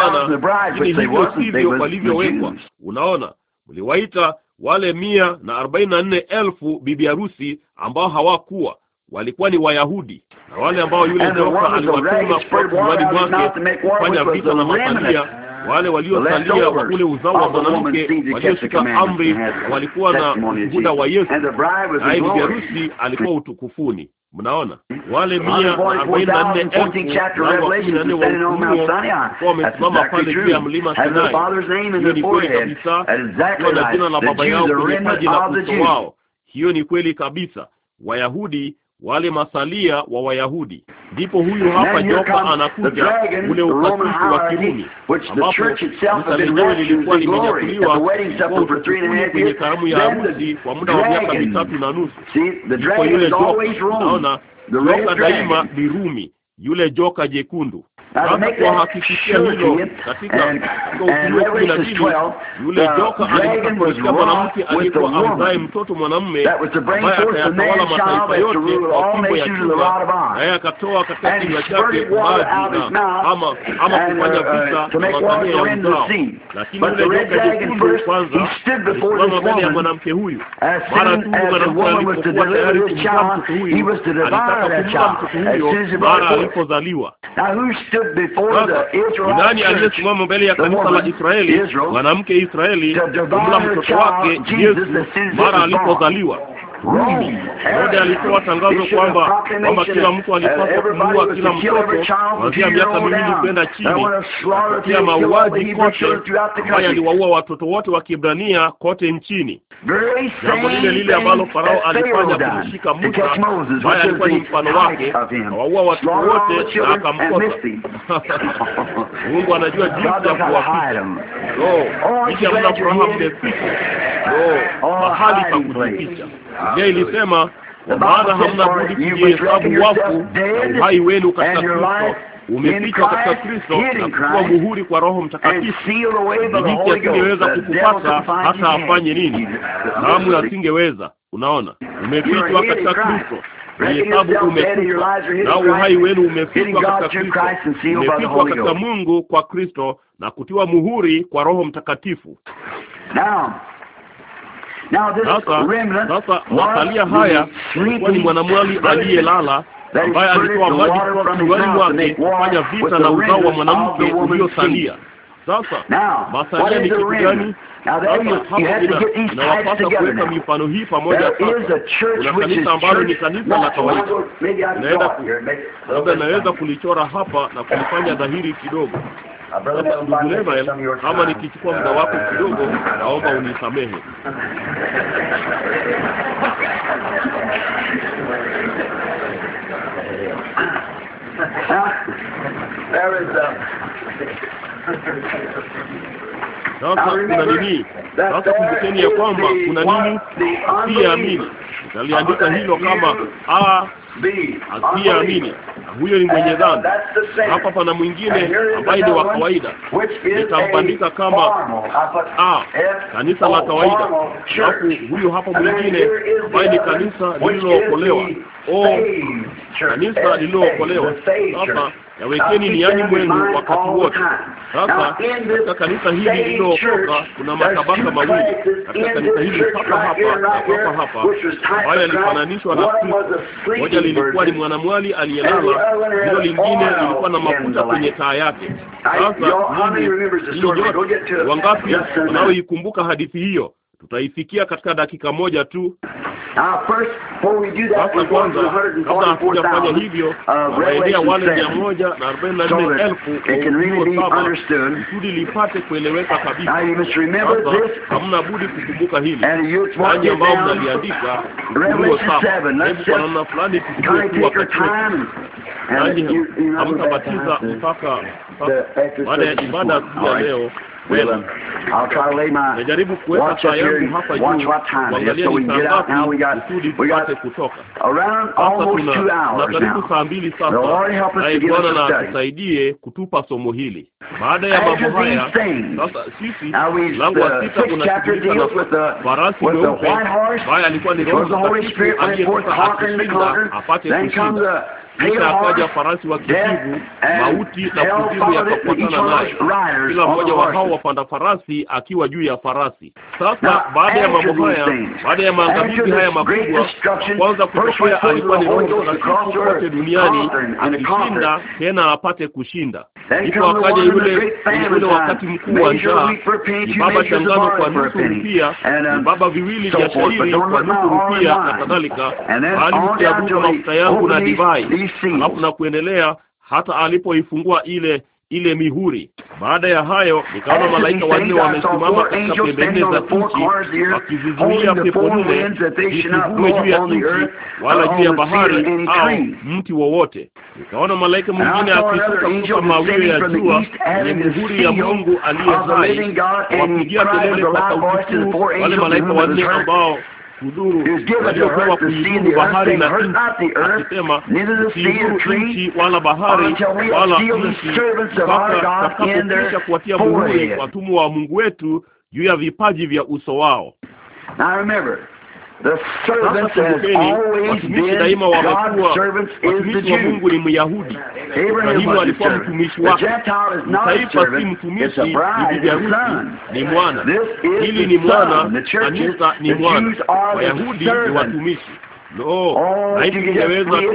Bwana, hivyo sivyo walivyowekwa. Unaona, mliwaita wale mia na arobaini na nne elfu bibi harusi ambao hawakuwa walikuwa ni Wayahudi na wale ambao yule joka aliwatuma kwa kuani mwake kufanya vita na masalia, wale waliosalia wa ule uzao wa mwanamke walioshika amri walikuwa na muda wa Yesu, naye bibi harusi alikuwa utukufuni. Mnaona wale mia arobaini na nne elfu wamesimama pale juu ya mlima Sinai. Hiyo ni kweli kabisa, na jina la baba yao kwenye taji la uso wao. Hiyo ni kweli kabisa. Wayahudi wale masalia wa Wayahudi. Ndipo huyu hapa joka anakuja, ule ukatili wa Kirumi, ambapo kanisa lenyewe lilikuwa limenyakuliwa kwenye karamu ya arusi kwa muda wa miaka mitatu na nusu. Ndipo yule joka, unaona joka daima ni Rumi, yule joka jekundu. Sasa kuwahakikishia hilo katika kumi na mbili yule uh, joka alipomwekea mwanamke alikuwa amzaye mtoto mwanamume ambaye akayatawala mataifa yote kwa fimbo ya chuma, naye akatoa katika kinywa chake maji na ama ama kufanya uh, vita na makamia ya mzao. Lakini yule joka jekundu kwanza alisimama mbele ya mwanamke huyu. Mara tu mwanamke alipokuwa tayari kumzaa mtoto huyu, alitaka kumpa mtoto huyo mara alipozaliwa nani aliyesimama mbele ya kanisa la Israeli, mwanamke Israeli, kumla mtoto wake Yesu mara alipozaliwa Herode alitoa tangazo kwamba kwamba kila mtu uh, alipaswa kumua kila mtoto kuanzia miaka miwili kwenda chini, kupitia mauaji kote ambaye aliwaua watoto wote wa Kiebrania kote nchini, jambo lile lile ambalo Farao alifanya kumshika Musa ambaye alikuwa ni mfano wake, waua watoto wote na akamkosa. (laughs) Mungu anajua jinsi ya kuwaficha. Lo, ishi hamna furaha mle siku, oh, mahali pa kujificha Biblia ilisema kwa maana hamna budi kujihesabu wafu na uhai wenu katika Kristo umepita katika Kristo na kuwa muhuri kwa Roho Mtakatifu. Mhiki asingeweza kukupata hata afanye nini, damu asingeweza. Unaona, umefichwa katika Kristo hesabu umekufa na uhai wenu umefikwa katika Kristo, umefikwa katika Mungu kwa Kristo na kutiwa muhuri kwa Roho Mtakatifu. Sasa masalia haya kwani mwanamwali aliyelala ambaye alitoa maji kutoka kinywani mwake kufanya vita na uzao wa mwanamke uliosalia. Sasa masalia ni kitu gani? Sasa hapo inawapasa kuweka mifano hii pamoja. Sasa kuna kanisa ambalo ni kanisa la kawaida, labda naweza kulichora hapa na kulifanya dhahiri kidogo. Ndugu Level, nikichukua muda wako kidogo, naomba unisamehe. Uh, Sasa kuna nini? Sasa kumbukeni ya kwamba kuna nini? Siamini naliandika hilo kama a asiyeamini, na huyo ni mwenye uh, dhambi. Hapa pana mwingine ambaye ni wa kawaida, nitampandika kama uh, a kanisa la kawaida, alafu huyo hapa mwingine ambaye ni kanisa lililookolewa, o kanisa lililookolewa. Sasa yawekeni ndani mwenu wakati wote. Sasa katika kanisa hili lililokoka kuna matabaka mawili katika kanisa hili papa hapa na papa hapa, ambayo yalifananishwa na Kristo. Moja lilikuwa ni mwanamwali aliyelala, hilo lingine lilikuwa na mafuta kwenye taa yake. Sasa ninyi, ninyi wangapi wanaoikumbuka hadithi hiyo? tutaifikia katika dakika moja tu. Uh, Sasa kwanza, kabla hatujafanya hivyo, waendea uh, wale mia moja na arobaini na nne elfu kwa kusudi lipate kueleweka kabisa. Sasa hamna budi kukumbuka hili, nanyi ambao mnaliandika Ufunuo saba, hebu kwa namna fulani tukue kuwa katikati, nanyi hamtabatiza mpaka baada ya ibada ya leo. Najaribu kuweka taa yangu hapa juu kuangalia nisaa ngapi kusudi tupate kutoka. Sasa tuna karibu saa mbili sasa. Naye Bwana na atusaidie kutupa somo hili. Baada ya mambo haya sasa, sisi mlango wa sita unashughulika na farasi mweupe ambaye alikuwa ni Roho Mtakatifu aliyetoka akushinda apate kushinda kisha akaja farasi wa kijivu, eh, mauti na kuzimu yakafuatana naye, kila mmoja wa hao wapanda farasi akiwa juu ya farasi. Sasa baada ya mambo haya, baada ya maangamizi haya makubwa, kwanza kutokea alikuwa ni Roho Mtakatifu kote duniani akishinda tena apate kushinda. Ndipo akaja yule ule wakati mkuu wa njaa, baba shangano kwa nusu rupia, um, baba viwili vya shairi kwa nusu rupia na kadhalika, bali msiabudu mafuta yangu na divai, alafu na kuendelea hata alipoifungua ile ile mihuri. Baada ya hayo nikaona malaika wanne wamesimama katika pembeni za nchi wakizizuia pepo nne zisivue juu ya nchi wala juu ya bahari au mti wowote. Nikaona malaika mwingine akishuka kutoka mawio ya jua yenye mihuri ya Mungu aliye hai, wapigia kelele kwa sauti kuu wale malaika wanne ambao kudhuru waliopewa kuidhuru bahari na nchi, akisema usiidhuru nchi wala bahari wala nchi, mpaka tutakapokwisha kuwatia muhuri watumwa wa Mungu wetu juu ya vipaji vya uso wao. Watumishi daima wamekuwa watumishi wa Mungu. Ni Myahudi, Ibrahimu alikuwa mtumishi wake. Taifa si mtumishi, ni bibi harusi, ni mwana. Hili ni mwana, kanisa ni mwana. Wayahudi ni watumishi. Lo, laiti ningeweza tu,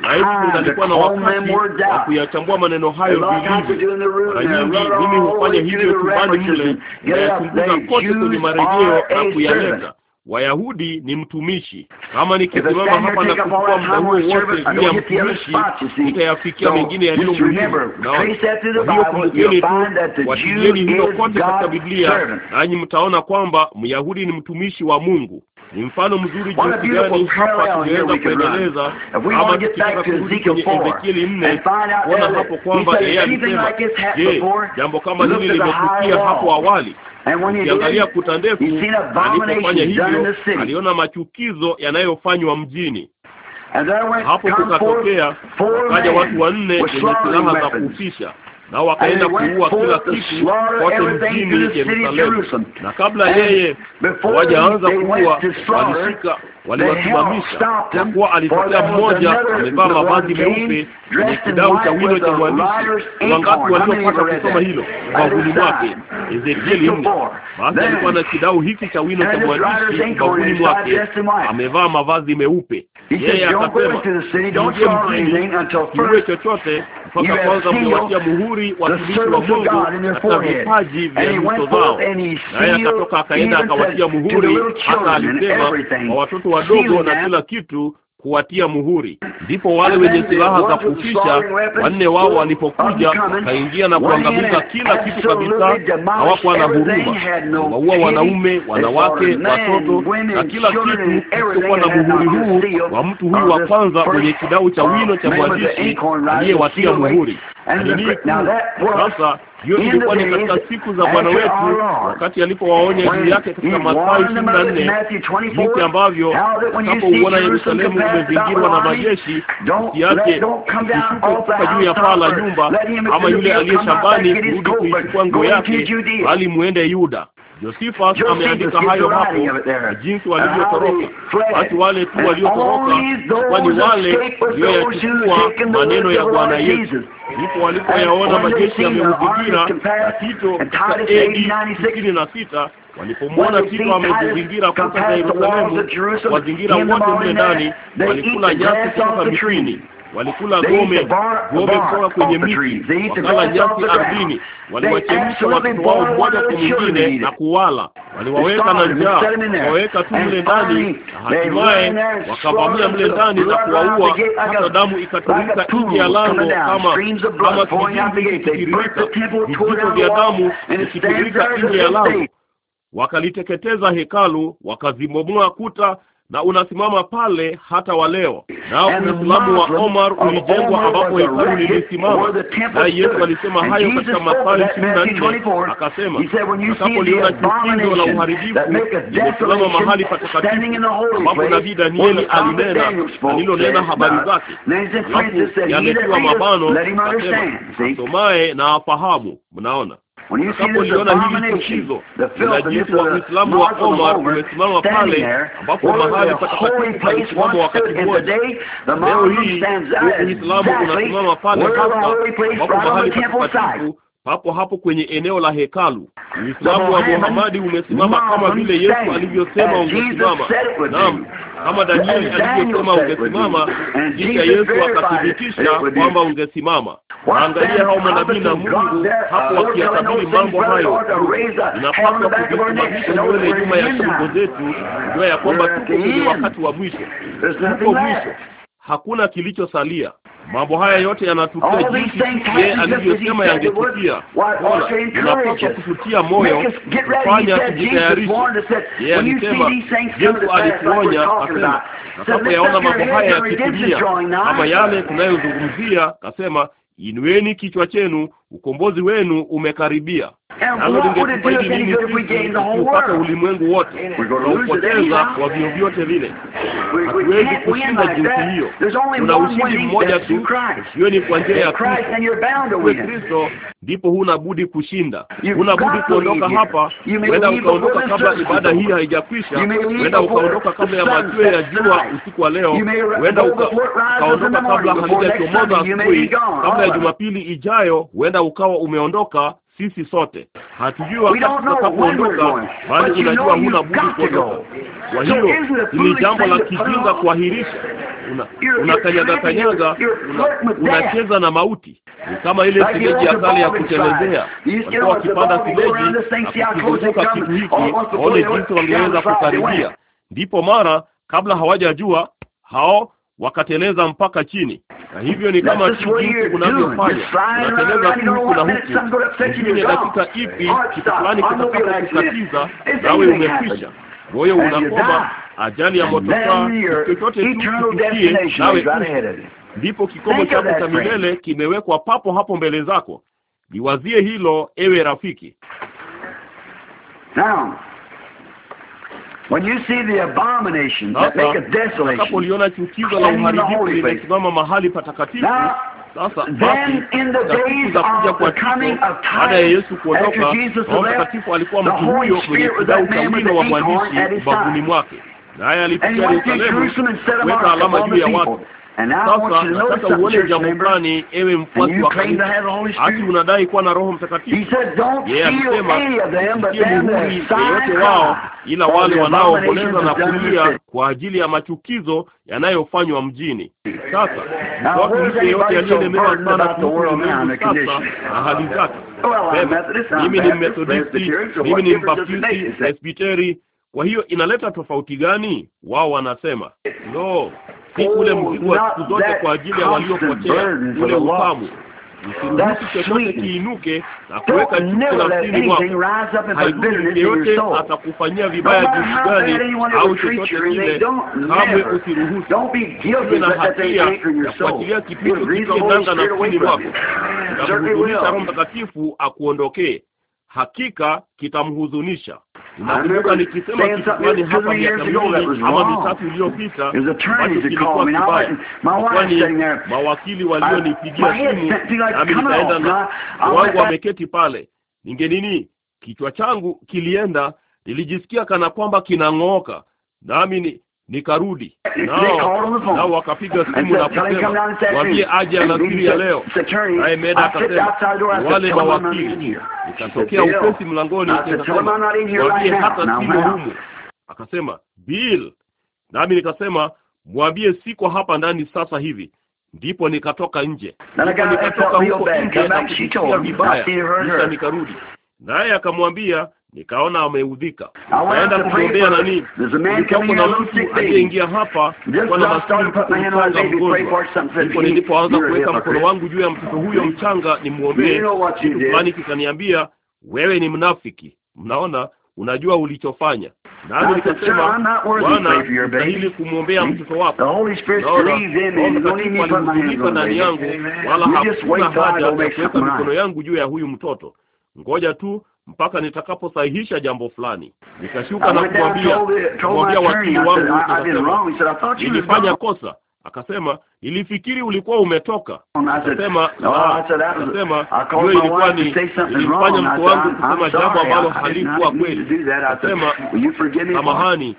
laiti ningalikuwa na wakati wa kuyachambua maneno hayo vilivyo. Mara nyingi mimi hufanya hivyo chumbani mle, inayatunguza kote kwenye marejeo na kuyaleta Wayahudi ni mtumishi. Kama nikisimama hapa na kuchukua muda huo wote juu ya mtumishi, nitayafikia mengine yaliyo muhimu. Hiyo kumbukeni tu, watilieni hilo kote katika Biblia, nanyi mtaona kwamba Myahudi ni mtumishi wa Mungu. Ni mfano mzuri jinsi gani hapa tunaweza kuendeleza, ama tukitaka kurudi kwenye Ezekieli nne, kuona hapo kwamba yeye alisema, je, jambo kama hili limetukia hapo awali? Ukiangalia kuta ndefu, alipofanya hivyo aliona machukizo yanayofanywa mjini. Hapo kukatokea wakaja watu wanne wenye silaha za kufisha na wakaenda kuua kila kitu kote mjini Yerusalemu, na kabla yeye wajaanza kuua walishika, waliwasimamisha, kwa kuwa alitokea mmoja amevaa mavazi meupe kwenye kidau cha wino cha mwandishi Wangapi waliopata kusoma hilo ubavuni mwake? Ezekieli nne. Basi alikuwa na kidau hiki cha wino cha mwandishi ubavuni mwake, amevaa mavazi meupe. Yeye akasema, ingie mjini, kiwe chochote mpaka kwanza mliwatia muhuri watumishi wa Mungu katika vipaji vya nyuso zao, naye akatoka akaenda akawatia muhuri, hata alisema kwa watoto wadogo na kila kitu kuwatia muhuri. Ndipo wale wenye silaha za kufisha wanne wao walipokuja, wakaingia na kuangamiza kila kitu kabisa. Hawakuwa na huruma, waua wanaume, wanawake, watoto na kila kitu kilichokuwa na muhuri huu wa mtu huyu wa kwanza mwenye kidau cha wino cha mwandishi aliyewatia muhuri. Sasa hiyo ilikuwa ni katika siku za Bwana wetu wakati alipowaonya juu yake katika Mathayo ishirini na nne jinsi ambavyo utakapouona Yerusalemu umezingirwa na majeshi, yake kutoka juu ya paa la nyumba, ama yule aliye shambani kurudi kuichukua nguo yake, bali muende Yuda. Josephus ameandika hayo hapo, jinsi walivyotoroka. Basi wale tu waliotoroka oh. kwani wale walioyachukua maneno ya Bwana Yesu, ndipo walipoyaona majeshi yameuzingira na Tito katika AD na sita walipomwona Tito amezingira kuta za Yerusalemu, wazingira wote mle ndani, walikula nyasi kutoka mitini walikula gome gome kutoka kwenye miti, wakala nyasi ardhini, waliwachemsha watoto wao mmoja kwa mwingine na kuwala, waliwaweka na njaa, wakaweka tu mle ndani, na hatimaye wakavamia mle ndani na kuwaua, hata damu ikatumika nje ya lango kama kama kijiji kikitiririka, vijito vya damu vikitiririka nje ya lango. Wakaliteketeza hekalu, wakazibomoa kuta na unasimama pale hata leo. Nao Uislamu wa Omar ulijengwa ambapo hekalu lilisimama, na Yesu alisema hayo katika Mathayo ishirini na nne akasema, utakapoliona chukizo la uharibifu limesimama mahali patakatifu, ambapo nabii Danieli alinena alilonena habari zake, alafu yametiwa mabano, akasema asomaye na afahamu. Mnaona Utakapoiona hili chukizo, na jinsi Waislamu wa Omar wamesimama pale, ambapo mahali patakatifu wakati mmoja. Leo hii Uislamu unasimama pale hapa, ambapo mahali patakatifu Papo hapo kwenye eneo la hekalu, Uislamu wa Muhammadi umesimama kama vile Yesu alivyosema ungesimama. Naam, kama Danieli alivyosema ungesimama, kisha Yesu akathibitisha kwamba ungesimama. Angalia hao manabii na Mungu uh, hapo wakiyatabiri mambo hayo. Inapaswa kujisimamisha nywele nyuma ya shingo zetu, jua ya kwamba tuko kwenye wakati wa mwisho, tuko mwisho hakuna kilichosalia. Mambo haya yote yanatukia jinsi yeye alivyosema yangetukia. inapaswa kututia moyo, kufanya tujitayarishe. Yeye alisema, Yesu alituonya akasema, nasapoyaona mambo haya yakitimia, ama yale tunayozungumzia, kasema, inueni kichwa chenu, ukombozi wenu umekaribia nalo nini ulimwengu wote na kwa wa vio vyote vile? Hatuwezi kushinda jinsi hiyo. Kuna ushindi mmoja tu, hiyo ni kwa njia ya Kristo. Kristo ndipo huna budi kushinda, huna budi kuondoka hapa. Huenda ukaondoka kabla ibada hii haijakwisha, huenda ukaondoka kabla ya machweo ya jua usiku wa leo, huenda ukaondoka kabla halijachomoza asubuhi, kabla ya Jumapili ijayo, huenda ukawa umeondoka sisi sote hatujui wakati tutakapoondoka, bali unajua huna budi kuondoka. Kwa hiyo ni jambo la kijinga kuahirisha. Unakanyagakanyaga, unacheza na mauti. Ni kama ile sileji ya kale ya kutelezea, walikuwa wakipanda sileji akukizunguka kitu hiki, waone jinsi wangeweza kukaribia. Ndipo mara kabla hawajajua hao wakateleza mpaka chini, na hivyo ni kama jinsi unavyofanya unateleza tu huku na huku, lakini dakika ipi kitu fulani kitataka kukatiza, nawe umekwisha, moyo unakoma, ajali ya motokaa, chochote tu kikutie, nawe ndipo kikomo chako cha milele kimewekwa papo hapo mbele zako. Liwazie hilo, ewe rafiki. Now Unapoliona chukizo la uharibifu linasimama mahali patakatifu. Sasa basi, za kuja kwa kifo, baada ya Yesu kuondoka, Roho Mtakatifu alikuwa mtu huyo mwenye kudau kawino wa mwandishi ubavuni mwake, naye alifika Yerusalemu kuweka alama juu ya watu sasa nataka uone jambo fulani, ewe mfuasi wa kanisa, hati unadai kuwa na Roho Mtakatifu. Yeye alisema usitie muhuri yeyote wao, ila wale wanaoomboleza na kulia kwa ajili ya machukizo yanayofanywa mjini. Sasa mtu yeyote aliyeelemewa sana kuhusu ulimwengu sasa na hali zake, mimi ni Mmethodisti, mimi ni Mbaptisti, Presbiteri. Kwa hiyo inaleta tofauti gani? Wao wanasema no si ule mzigo wa siku zote kwa ajili ya waliopotea, ule ufamu Usiruhusu chochote kiinuke na kuweka chuki nafsini mwako. Haidui mtu yeyote atakufanyia vibaya jinsi gani au chochote kile, kamwe usiruhusu. Uwe na hatia ya kuachilia kipigo kitie nanga nafsini mwako, kitamhuzunisha Roho Mtakatifu akuondokee. Hakika kitamhuzunisha. Nakumbuka nikisema kitukani hapa miaka mingi ama mitatu iliyopita, ambacho kilikuwa kibaya, kwani mawakili walionipigia simu nami nikaenda na wangu wameketi uh, pale, ninge nini, kichwa changu kilienda, nilijisikia kana kwamba kinang'ooka, nami Nikarudi nao, nao wakapiga simu na kusema wambie aje alasiri ya leo. Naye Meda akasema wale mawakili. Nikatokea ukosi mlangoni, wambie hata simu humu. Akasema Bill, nami nikasema mwambie siko hapa ndani sasa hivi. Ndipo nikatoka nje, ndipo nikatoka huko nje na kusikia vibaya, kisha nikarudi naye akamwambia nikaona ameudhika, naenda kumwombea na nini. kuna mtu aliyeingia hapa kwa na maskini mtoto mgonjwa, ndipo nilipoanza kuweka mkono wangu juu ya mtoto huyo mchanga nimwombee. Kitu fulani kikaniambia, wewe ni mnafiki. Mnaona, unajua ulichofanya. Nami nikasema, Bwana, stahili kumwombea mtoto wako. Alihuzunika ndani yangu, wala hakuna haja ya kuweka mikono yangu juu ya huyu mtoto. Ngoja tu mpaka nitakaposahihisha jambo fulani. Nikashuka na kumwambia kumwambia wakili wangu, nilifanya kosa. Akasema, nilifikiri ulikuwa umetoka. Oh, akasema, ah. akasema hiyo ilikuwa ni ilifanya mko wangu kusema jambo ambalo halikuwa kweli. Akasema, samahani,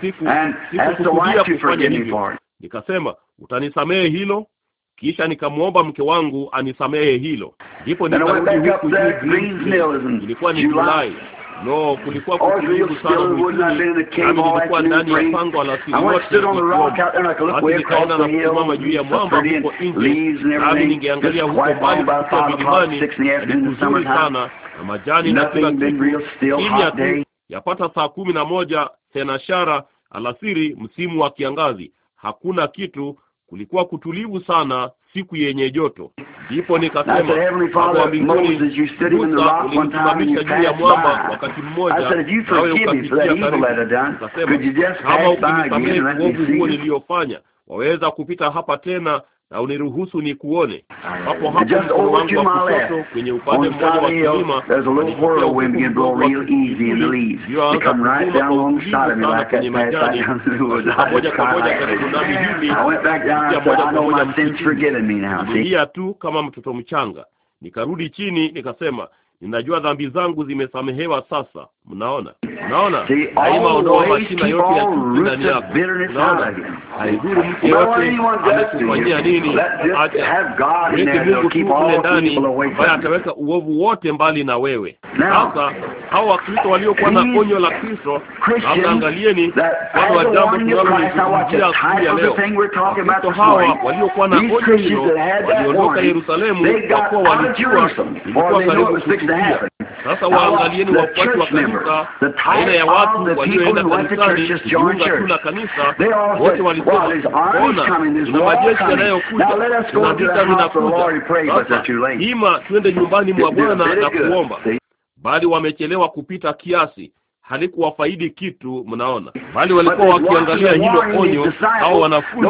sikukusudia kufanya hivyo. Nikasema, utanisamehe hilo? Kisha nikamwomba mke wangu anisamehe hilo, ndipo nikarudi huku juu. Ilikuwa ni Julai. No, kulikuwa kutulivu sana msituni, nami nilikuwa ndani ya pango alasiri yote basi. Nikaenda na kusimama juu ya mwamba huko nje, nami ningeangalia huko mbali kutoka milimani. Ni kuzuri sana na majani na kila kitu. Kimya tu, yapata saa kumi na moja tena alasiri, msimu wa kiangazi, hakuna kitu Kulikuwa kutulivu sana siku yenye joto, ndipo nikasema kwa mbinguni, Musa ulinisimamisha juu ya mwamba wakati mmoja, nawe ukapitia karibu. Ukasema, kama ukinisamehe uovu huo niliyofanya, waweza kupita hapa tena na uniruhusu ni kuone hapo hapo mkono wangu wa kushoto kwenye upande mmoja wa kilima sana kwenye majani moja kwa moja karibu nami hivi moja kwa moja tu kama mtoto mchanga. Nikarudi chini nikasema, Ninajua dhambi zangu zimesamehewa sasa. Mnaona, mnaona, daima ondoa mashina yote ya chuki ndani yako. Mnaona haidhuru mtu yeyote amekufanyia nini, acha Mungu tu kule ndani, bali ataweka uovu wote mbali na wewe. Sasa hao Wakristo waliokuwa na onyo la Kristo, labda angalieni watu wa jambo tunalolizungumzia asubuhi ya leo. Wakristo hawa waliokuwa na onyo hilo waliondoka Yerusalemu kwa kuwa walijua ilikuwa karibu kutukia. Sasa waangalieni wafuasi wa kanisa, aina ya watu walioenda kanisani kujiunga tu na kanisa, wote walisema ona, na majeshi yanayokuja na vita vinakuja. Sasa ima tuende nyumbani mwa Bwana na kuomba, bali wamechelewa kupita kiasi halikuwafaidi kitu, mnaona, bali walikuwa wakiangalia hilo onyo au wanafunzi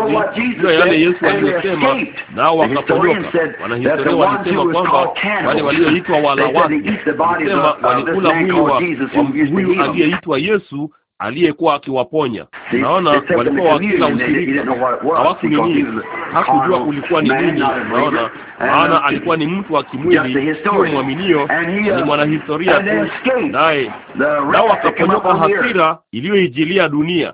jua yale Yesu aliyosema, nao wakaponyoka. Wanahistoria walisema kwamba wale walioitwa wala wake walisema walikula huyu wa huyu aliyeitwa Yesu aliyekuwa akiwaponya. Naona walikuwa wakila ushirika, nini, hakujua ulikuwa ni nini. Naona maana alikuwa ni mtu wa kimwili, sio mwaminio, ni uh, mwanahistoria tu, naye nao wakaponyoka hasira iliyoijilia dunia.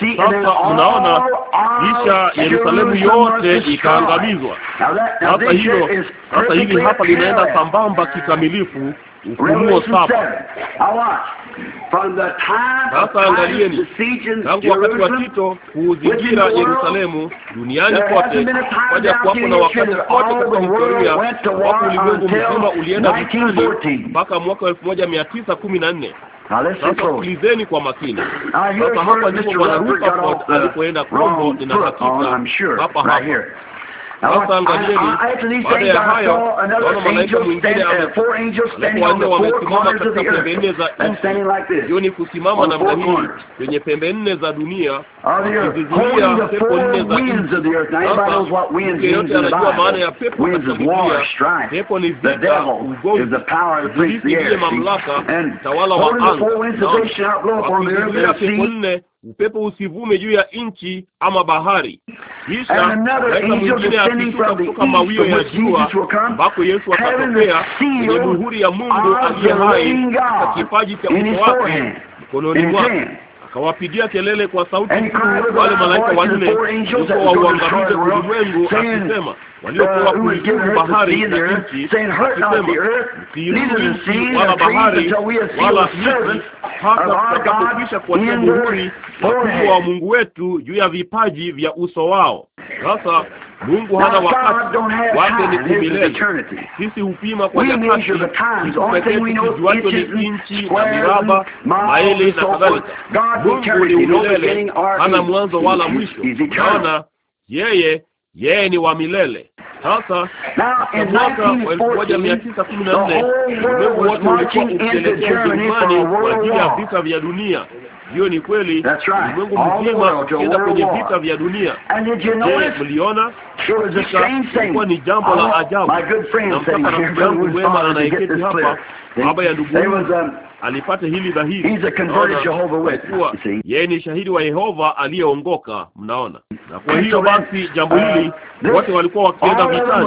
Sasa mnaona kisha ah, Yerusalemu yote ikaangamizwa. Hata hilo sasa hivi hapa linaenda sambamba kikamilifu Ufunuo saba. Sasa angalieni, tangu wakati wa Tito kuuzingira Yerusalemu duniani kote, kaja kuwapo na wakati kote katika historia, wapo ulimwengu mzima ulienda vitani mpaka mwaka wa elfu moja mia tisa kumi na nne. Sasa sikilizeni kwa makini. Sasa hapa ndipo Bwana Ruka alipoenda kombo I'm sure, right here. Now, kundi uh, um, na hakika hapa hapa sasa angalieni, baada ya haya wana malaika mwingine amekuwa wanne wamesimama katika pembe nne za nchi, hiyo ni winds namna hii kwenye pembe nne za dunia, ikizizuia pepo nne za nchi. Sasa yeyote anajua maana ya pepo katika Biblia. Pepo ni vita, ugomvi, ujirisi ndiye mamlaka, utawala wa anga. Naam, wakizuia pepo nne upepo usivume juu ya nchi ama bahari. Kisha malaika mwingine akishuka kutoka mawio ya jua, ambako Yesu akatokea kwenye duhuri ya Mungu aliye hai katika kipaji cha uso wake mkononi mwake akawapigia kelele kwa sauti kuu wale malaika wanne uso wa uangamize ulimwengu, akisema uh, waliokuwa kuizuru bahari na nchi, akisema nchi wala bahari wala miti, hata tutakapokwisha kuwatia muhuri wakubwa wa Mungu wetu juu ya vipaji vya uso wao. Sasa Mungu hana wakati wake ni umilele. Sisi hupima kwa nyakati, tujuacho ni inchi na miraba, maili na kadhalika. Mungu ni umilele, hana mwanzo wala mwisho. Naona yeye yeye ni wa milele. Sasa mwaka wa elfu moja mia tisa kumi na nne ulimwengu wote ulikuwa ukielekea Ujerumani kwa ajili ya vita vya dunia hiyo ni kweli. Mungu mzima ukienda kwenye vita vya dunia. mliona ilikuwa ni jambo la ajabu? Na mpaka rafiki yangu mwema anayeketi hapa baba ya ndugu alipata hili dhahiri, kuwa yeye ni shahidi wa Yehova aliyeongoka. Mnaona, na kwa hiyo basi jambo uh, hili wote walikuwa wakienda vitani.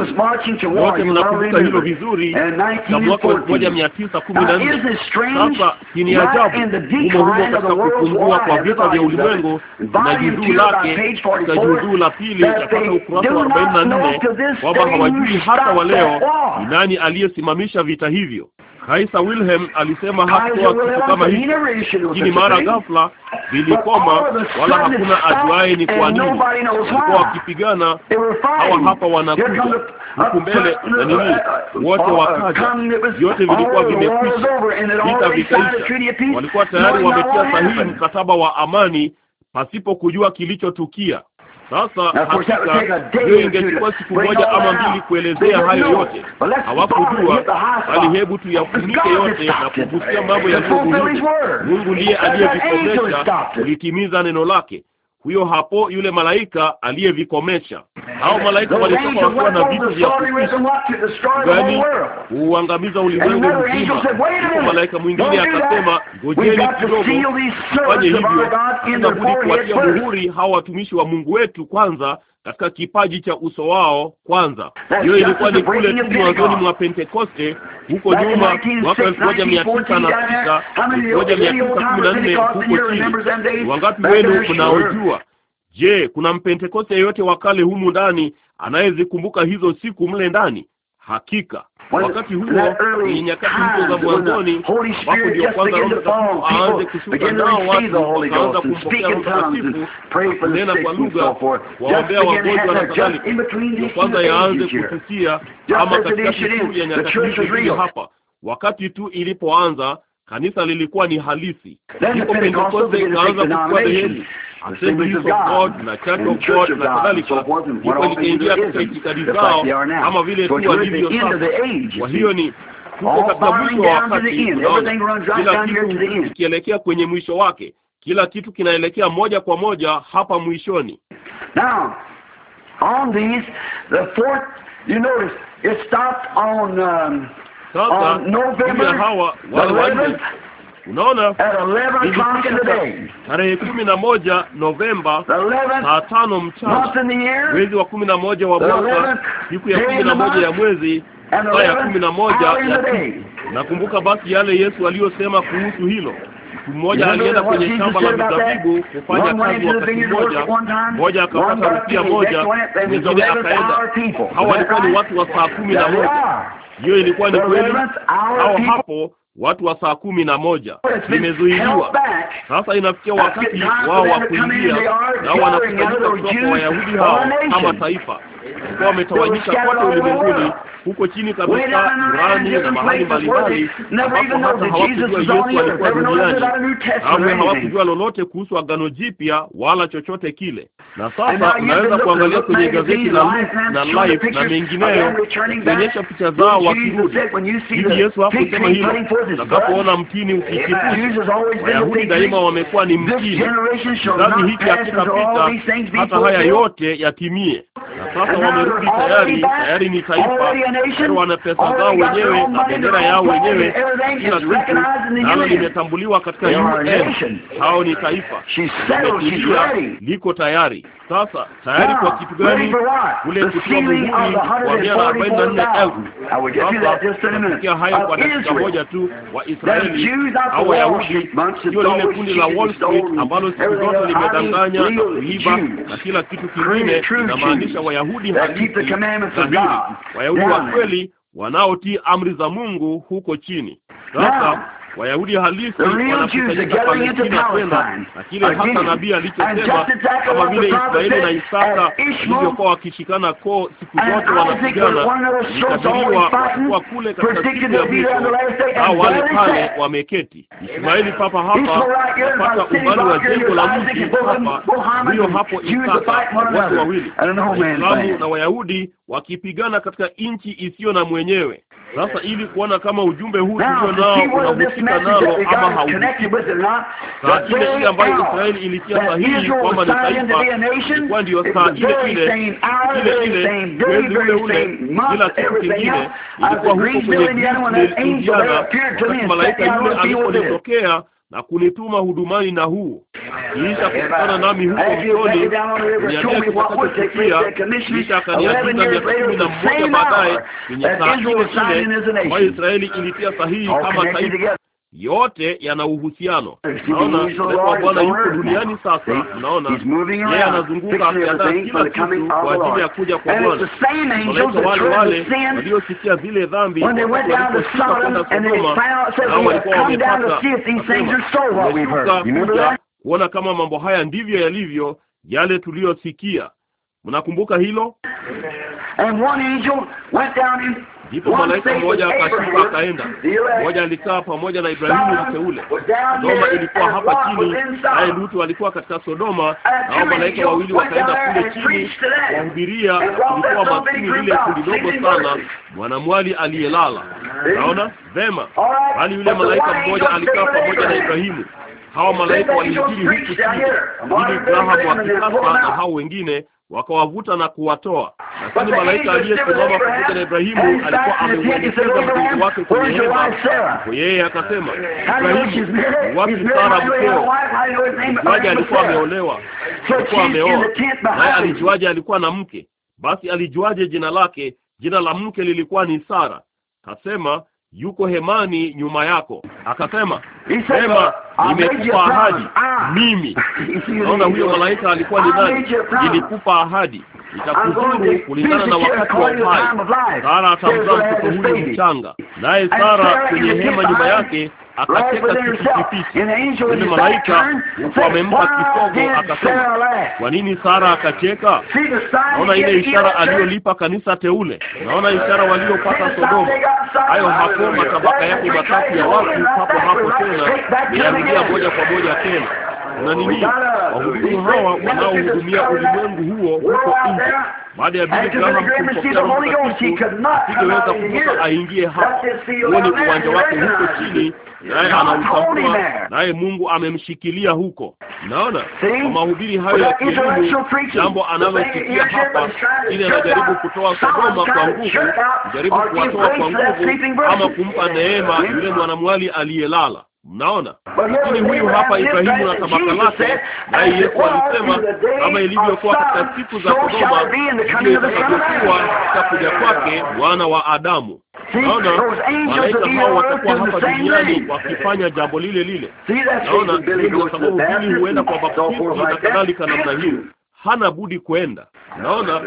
Wote mnakumbuka hilo vizuri, uh, na mwaka elfu moja mia tisa kumi na nne. Sasa kini ajabu humo humo katika kupungua kwa vita vya ulimwengu na juzuu lake, katika juzuu la pili yapata ukurasa wa arobaini na nne kwamba hawajui hata waleo ni nani aliyesimamisha vita hivyo. Kaisa Wilhelm alisema hakuwa kitu kama hicho, lakini mara ghafla vilikoma, wala hakuna ajuaye ni kwa nini. Walikuwa wakipigana hawa hapa, wanakuja huku mbele na nini, uh, wote uh, wakaja. Vyote vilikuwa vimekwisha, vita vikaisha. Walikuwa tayari wametia sahihi mkataba wa amani pasipo kujua kilichotukia. Sasa hakika hiyo ingechukua siku moja ama mbili kuelezea hayo yote, hawakujua bali hebu tuyafunike yote na kugusia mambo ya Mungu. Mungu ndiye aliyevikosesha kulitimiza neno lake huyo hapo yule malaika aliyevikomesha hao malaika walikuwa wakiwa na vitu vya gani huuangamiza ulimwengu mzima. Malaika mwingine akasema, ngojeni kidogo, fanye hivyo, tunabudi kuwatia muhuri hao watumishi wa Mungu wetu kwanza, katika kipaji cha uso wao kwanza. Hiyo ilikuwa ni kule tu mwanzoni mwa Pentekoste huko nyuma, mwaka elfu moja mia tisa na sita elfu moja mia tisa kumi na nne huko chini. Wangapi wenu mnaojua? Je, kuna mpentekoste yeyote wa kale humu ndani anayezikumbuka hizo siku mle ndani? Hakika Wakati huo ni nyakati hizo za mwanzoni, wapo ndio kwanza Roho Mtakatifu aanze kushuka, nao watu wakaanza kumpokea Roho Mtakatifu, kunena kwa lugha, waombea wagonjwa na kadhalika, ndio kwanza yaanze kutukia, ama katikati tu ya nyakati hizo hapa. Wakati tu ilipoanza kanisa lilikuwa ni halisi, ndipo Pentekoste ikaanza kuchukua dhehebu God na Church of God na kadhalika, ndipo katika itikadi zao kama vile tu walivyo sasa. Kwa hiyo ni tuko katika mwisho wa wakati, kila kitu kikielekea kwenye mwisho wake, kila kitu kinaelekea moja kwa moja hapa mwishoni. Um, hawa wale wanne Unaona, tarehe kumi na moja Novemba saa tano mchana, mwezi wa kumi na moja wa mwaka, siku ya kumi na moja ya mwezi, saa ya kumi na moja ya Nakumbuka basi yale Yesu aliyosema kuhusu hilo. Mtu mmoja alienda kwenye shamba la mizabibu kufanya kazi wakati mmoja, mmoja akapata rupia moja, mwingine akaenda. Hawa walikuwa ni watu wa saa kumi na moja. Hiyo ilikuwa ni kweli, hawa hapo watu wa saa kumi na moja limezuiliwa. Sasa inafikia wakati wao wa kuingia, nao wanakusanyika kutoka kwa Wayahudi hao kama taifa, ikiwa wametawanyika kote ulimwenguni huko chini kabisa Irani na mahali mbalimbali ambapo hata hawakujua Yesu alikuwa duniani. Kamwe hawakujua lolote kuhusu Agano Jipya wala chochote kile. Na sasa unaweza kuangalia kwenye gazeti la na Life na mengineyo, kuonyesha picha zao wakirudi hivi. Yesu hakusema hilo, Tutakapoona mtini ukichipuka, Wayahudi daima wamekuwa ni mtini. Kizazi hiki hakitapita hata haya yote yatimie. Na sasa wamerudi tayari, tayari ni taifa, wana pesa zao wenyewe na bendera yao wenyewe, kila kitu nalo limetambuliwa katika UN. Hao ni taifa, wametulia, liko tayari sasa tayari kwa ah, kitu gani? Ule kutia muhuri wa miaka arobaini na nne elfu. Sasa nafikia hayo kwa dakika moja tu. Waisraeli au Wayahudi, hiyo lile kundi la Wall Street ambalo siku zote limedanganya na kuiba na kila kitu kingine, inamaanisha Wayahudi halisi Wayahudi wa kweli wanaotii amri za Mungu huko chini sasa Wayahudi halisi wanakusanyika Palestina kwenda na kile hasa nabii alichosema, kama vile Israeli na Isaka uh, walivyokuwa wakishikana koo siku zote wanapigana, ikadiriwa wakuwa kule katika siku ya mwisho, au wale pale wameketi. Ishmaeli papa hapa apata umbali wa jengo la mji hapa, ndiyo hapo Isaka, watu wawili islamu na Wayahudi wakipigana katika nchi isiyo na mwenyewe. Sasa ili kuona kama ujumbe huu tulio nao unahusika nalo ama hauhusiki, saa ile ile ambayo Israeli ilitia sahihi kwamba ni taifa, ilikuwa ndiyo saa ile ile ile ile mwezi ule ule, kila kitu kingine ilikuwa huko kwenye Indiana, na malaika yule aliponitokea na kunituma hudumani na huo kisha kukutana nami huko mtoni, niambia kitakachotukia. Kisha akaniagiza miaka kumi na mmoja baadaye kwenye saa ile ile kwa Israeli ilitia sahihi kama taifa yote yana uhusiano. Naona kwa Bwana yuko duniani sasa, mnaona yeye anazunguka akiandaa kila kitu kwa ajili ya kuja kwa Bwana. Wanaitwa wale wale waliosikia zile dhambi waliposhuka kwenda Sodoma, nao walikuwa wamepata kuja kuona kama mambo haya ndivyo yalivyo yale tuliyosikia. Mnakumbuka hilo? Ndipo malaika mmoja akashuka akaenda. Mmoja alikaa pamoja na Ibrahimu mteule. Sodoma ilikuwa hapa chini, naye Lutu alikuwa katika Sodoma, nao malaika wawili wakaenda kule chini kuhubiria. Ilikuwa maskini lile kundi dogo sana, mwanamwali aliyelala. Naona vema, bali yule malaika mmoja alikaa pamoja na Ibrahimu. Hawa malaika walihubiri huku chini, ili Ibrahimu wa kisasa na hao wengine wakawavuta na kuwatoa. Lakini malaika aliyesimama pamoja na Ibrahimu alikuwa amemwelekeza mgongo wake kwenye hema, kwa yeye akasema, Ibrahimu, wapi Sara mkeo? Alijuaje alikuwa ameolewa? Alikuwa ameoa naye, alijuaje alikuwa na mke? Basi alijuaje jina lake? Jina la mke lilikuwa ni Sara. Kasema yuko hemani nyuma yako. Akasema, sema, nimekupa ahadi mimi. Naona huyo malaika alikuwa ni nani? Nilikupa ahadi itakuzuru kulingana na wakati wa uhai. Sara atamzaa mtoto huyo mchanga, naye Sara kwenye hema nyuma yake akateka kitu kipisi ule yaani malaika wamempa kisogo, akasema kwa nini Sara akacheka? Naona ile ishara aliyolipa kanisa teule, naona ishara waliopata Sodoma. Hayo hapo matabaka yake matatu ya watu hapo hapo tena, inarudia moja kwa moja tena na nini, wahudumu hawa wanaohudumia ulimwengu huo huko nje. Baada ya bibi kama kupokea asingeweza kuvuka aingie hapo. Huo ni uwanja wake huko chini, naye anautambua, naye Mungu amemshikilia huko. Naona kwa mahubiri hayo ya kielimu, jambo analosikia hapa, ili anajaribu kutoa Sodoma kwa nguvu, jaribu kuwatoa kwa nguvu, ama kumpa neema yule mwanamwali aliyelala Mnaona, lakini huyu hapa Ibrahimu na tabaka lake, naye Yesu alisema kama ilivyokuwa katika siku za Sodoma, ndivyo itakavyokuwa katika kuja kwake mwana wa Adamu. Naona malaika hao watakuwa hapa duniani wakifanya jambo lile lile. Naona ndio sababu hili huenda kwa baptizo na kadhalika namna hiyo hana budi kwenda. Naona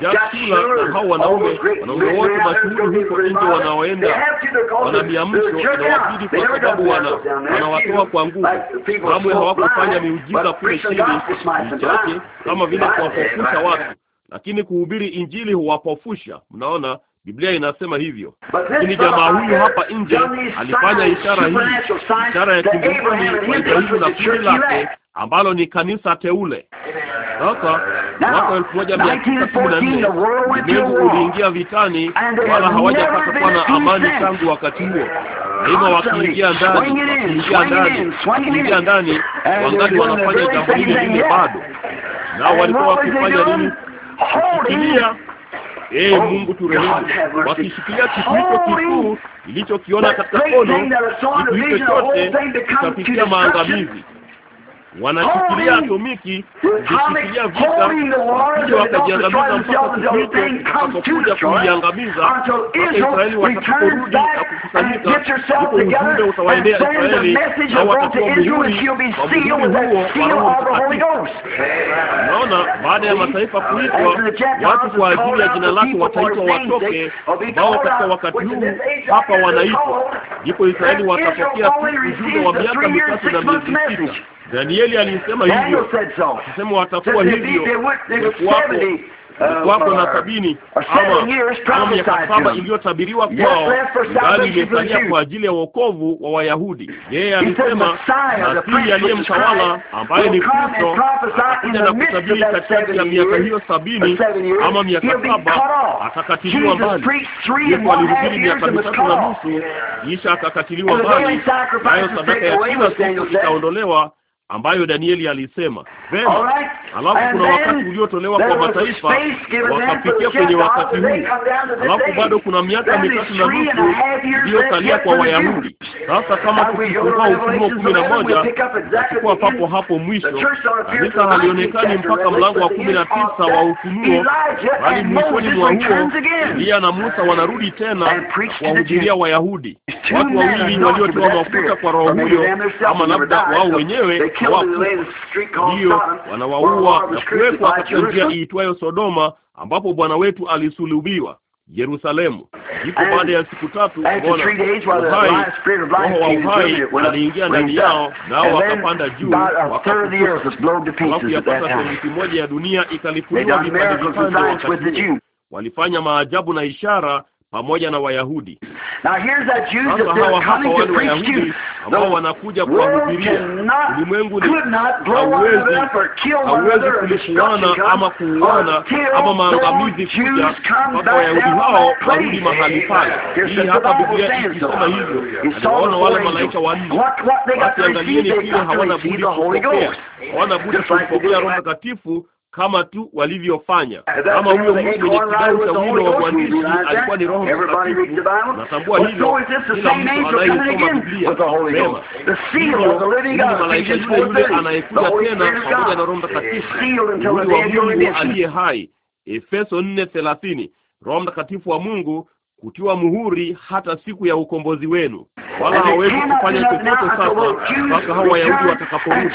jakula na hao wanaume wanaume wote mashuhuri huko nje wanaoenda wana miamsho, inawabidi kwa sababu wana wanawatoa kwa nguvu. Kamwe hawakufanya miujiza kule chini chake kama vile kuwapofusha watu, lakini kuhubiri injili huwapofusha. Mnaona Biblia inasema hivyo. Lakini jamaa huyu hapa nje alifanya ishara hii, ishara ya kimbinguni kwa jaribu la kundi lake ambalo ni kanisa teule. Sasa mwaka elfu moja mia tisa kumi na nne ulimwengu uliingia vitani, wala hawajapata kuwa na amani tangu wakati huo. Daima wakiingia ndani, wakiingia ndani, wakiingia ndani, wangali wanafanya jambo lile lile bado. Nao walikuwa wakifanya nini? Kushikilia Ee oh, Mungu turehemu, wakishikilia kitu hicho kikuu ilichokiona katika kono, kitu hicho chote kitafikia maangamizi wanashikilia atomiki kuchukulia vita kisha wakajiangamiza mpaka kukuitwa wakakuja kuiangamiza mpaka Israeli watakaporudi na kukusanyika, ndipo ujumbe utawaendea Israeli na watakuwa muhuri huo wa Roho Mtakatifu. Naona baada ya mataifa uh, kuitwa watu kwa ajili ya jina lako wataitwa watoke, ambao katika wakati huu hapa wanaitwa, ndipo Israeli watapokea ujumbe wa miaka mitatu na miezi sita. Danieli alisema hivyo, sema watakuwa hivyo wako uh, na sabini ama miaka saba iliyotabiriwa kwao, bali imesalia kwa ajili ya wokovu wa Wayahudi. Yeye alisema Masihi aliye mtawala ambaye ni Kristo atakuja na kutabiri katikati ya miaka hiyo sabini ama miaka saba, atakatiliwa mbali. Yesu alihubiri miaka mitatu na nusu, kisha akakatiliwa mbali, nayo sadaka ya kila siku itaondolewa ambayo Danieli alisema vema. Right. Alafu kuna wakati uliotolewa kwa mataifa wakafikia kwenye wakati huu, alafu bado kuna miaka mitatu na nusu iliyosalia kwa Wayahudi. Sasa kama tukifungua Ufunuo kumi na moja tukua papo hapo mwisho kanisa halionekani mpaka mlango wa kumi na tisa wa Ufunuo, bali mwishoni mwa huo Elia na Musa wanarudi tena kuwahubiria Wayahudi, watu wawili waliotoa mafuta kwa roho huyo, ama labda wao wenyewe ndiyo wanawaua na kuwekwa katika njia iitwayo Sodoma, ambapo Bwana wetu alisulubiwa Yerusalemu. Ndipo baada ya siku tatu, Bwana uhai, roho wa uhai aliingia ndani yao, nao wakapanda juu, wakafu yapata theluthi moja ya dunia ikalifuliwa vipande vipande. Wakati walifanya maajabu na ishara pamoja na Wayahudi. Sasa hawa hapa wale Wayahudi ambao wanakuja kuwahubiria ulimwengu, ni hauwezi hauwezi kulifuana ama kuuana ama maangamizi kuja mpaka Wayahudi hao warudi mahali pale. Hii hapa Biblia ikisema hivyo, anawaona wale malaika wanne. Basi angalieni hawana budi kupokea, hawana budi kumpokea Roho Mtakatifu kama tu walivyofanya. Kama huyo mtu mwenye kidau cha wino wa mwandishi alikuwa ni Roho Mtakatifu, natambua hilo. Kila mtu anayesoma Biblia mema, ni malaika yule yule anayekuja tena pamoja na Roho Mtakatifu, wa Mungu aliye hai. Efeso nne thelathini. Roho Mtakatifu wa Mungu kutiwa muhuri hata siku ya ukombozi wenu, wala hawezi kufanya chochote sasa mpaka hao Wayahudi watakaporudi.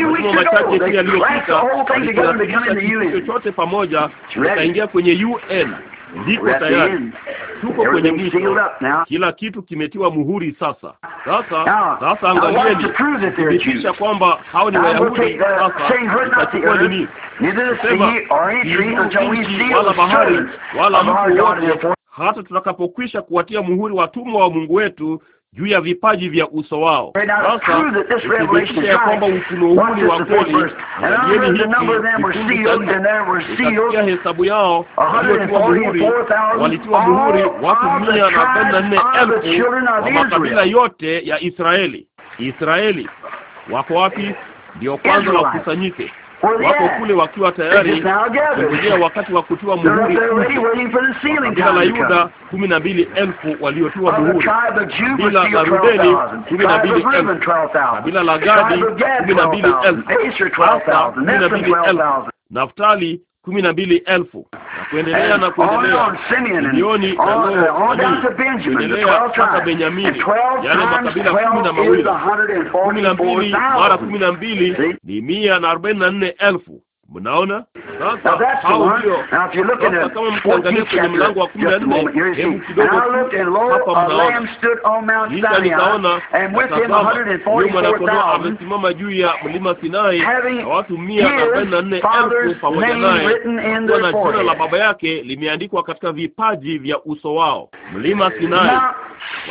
Majuma machache tu yaliyopita walikinasibisha kitu chochote pamoja, wataingia kwenye UN. Ndiko tayari, tuko kwenye mwisho, kila kitu kimetiwa muhuri sasa. Sasa sasa, angalieni kuthibitisha kwamba hao ni Wayahudi. Uh, sasa itachukua nini? Sema wala bahari wala mtu wote hata tutakapokwisha kuwatia muhuri watumwa wa Mungu wetu juu ya vipaji vya uso wao. Sasa ithibitisha ya kwamba ufunuo huu ni wa kweli. Angalieni hiki, itakia hesabu yao waliotiwa muhuri, walitiwa muhuri watu mia na arobaini na nne elfu wa makabila yote ya Israeli. Israeli wako wapi? Ndio kwanza wakusanyike Oh, wako kule wakiwa tayari kungojea wakati wa kutiwa muhuri kabila la Yuda kumi na mbili elfu waliotiwa muhuri, kabila la Rubeni kumi na mbili elfu kabila la Gadi kumi na mbili elfu kumi na mbili elfu Naftali kumi na mbili elfu na kuendelea na kuendelea milioni uh, kuendelea mpaka Benyamini, yale yaani makabila kumi na mawili. Kumi na mbili mara kumi na mbili ni mia na arobaini na nne elfu. Mnaona sasa, hao ndio sasa. Kama mkiangalia kwenye mlango wa kumi na nne hebu kidogo hapa, mnaona kisha nikaona huyo mwanakondoo amesimama juu ya mlima Sinai na watu mia arobaini na nne elfu pamoja naye, na jina la baba yake limeandikwa katika vipaji vya uso wao. Mlima Sinai,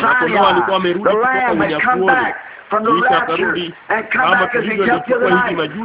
mwanakondoo alikuwa amerudi kutoka unyakuoni, kisha akarudi kama tulivyo hivi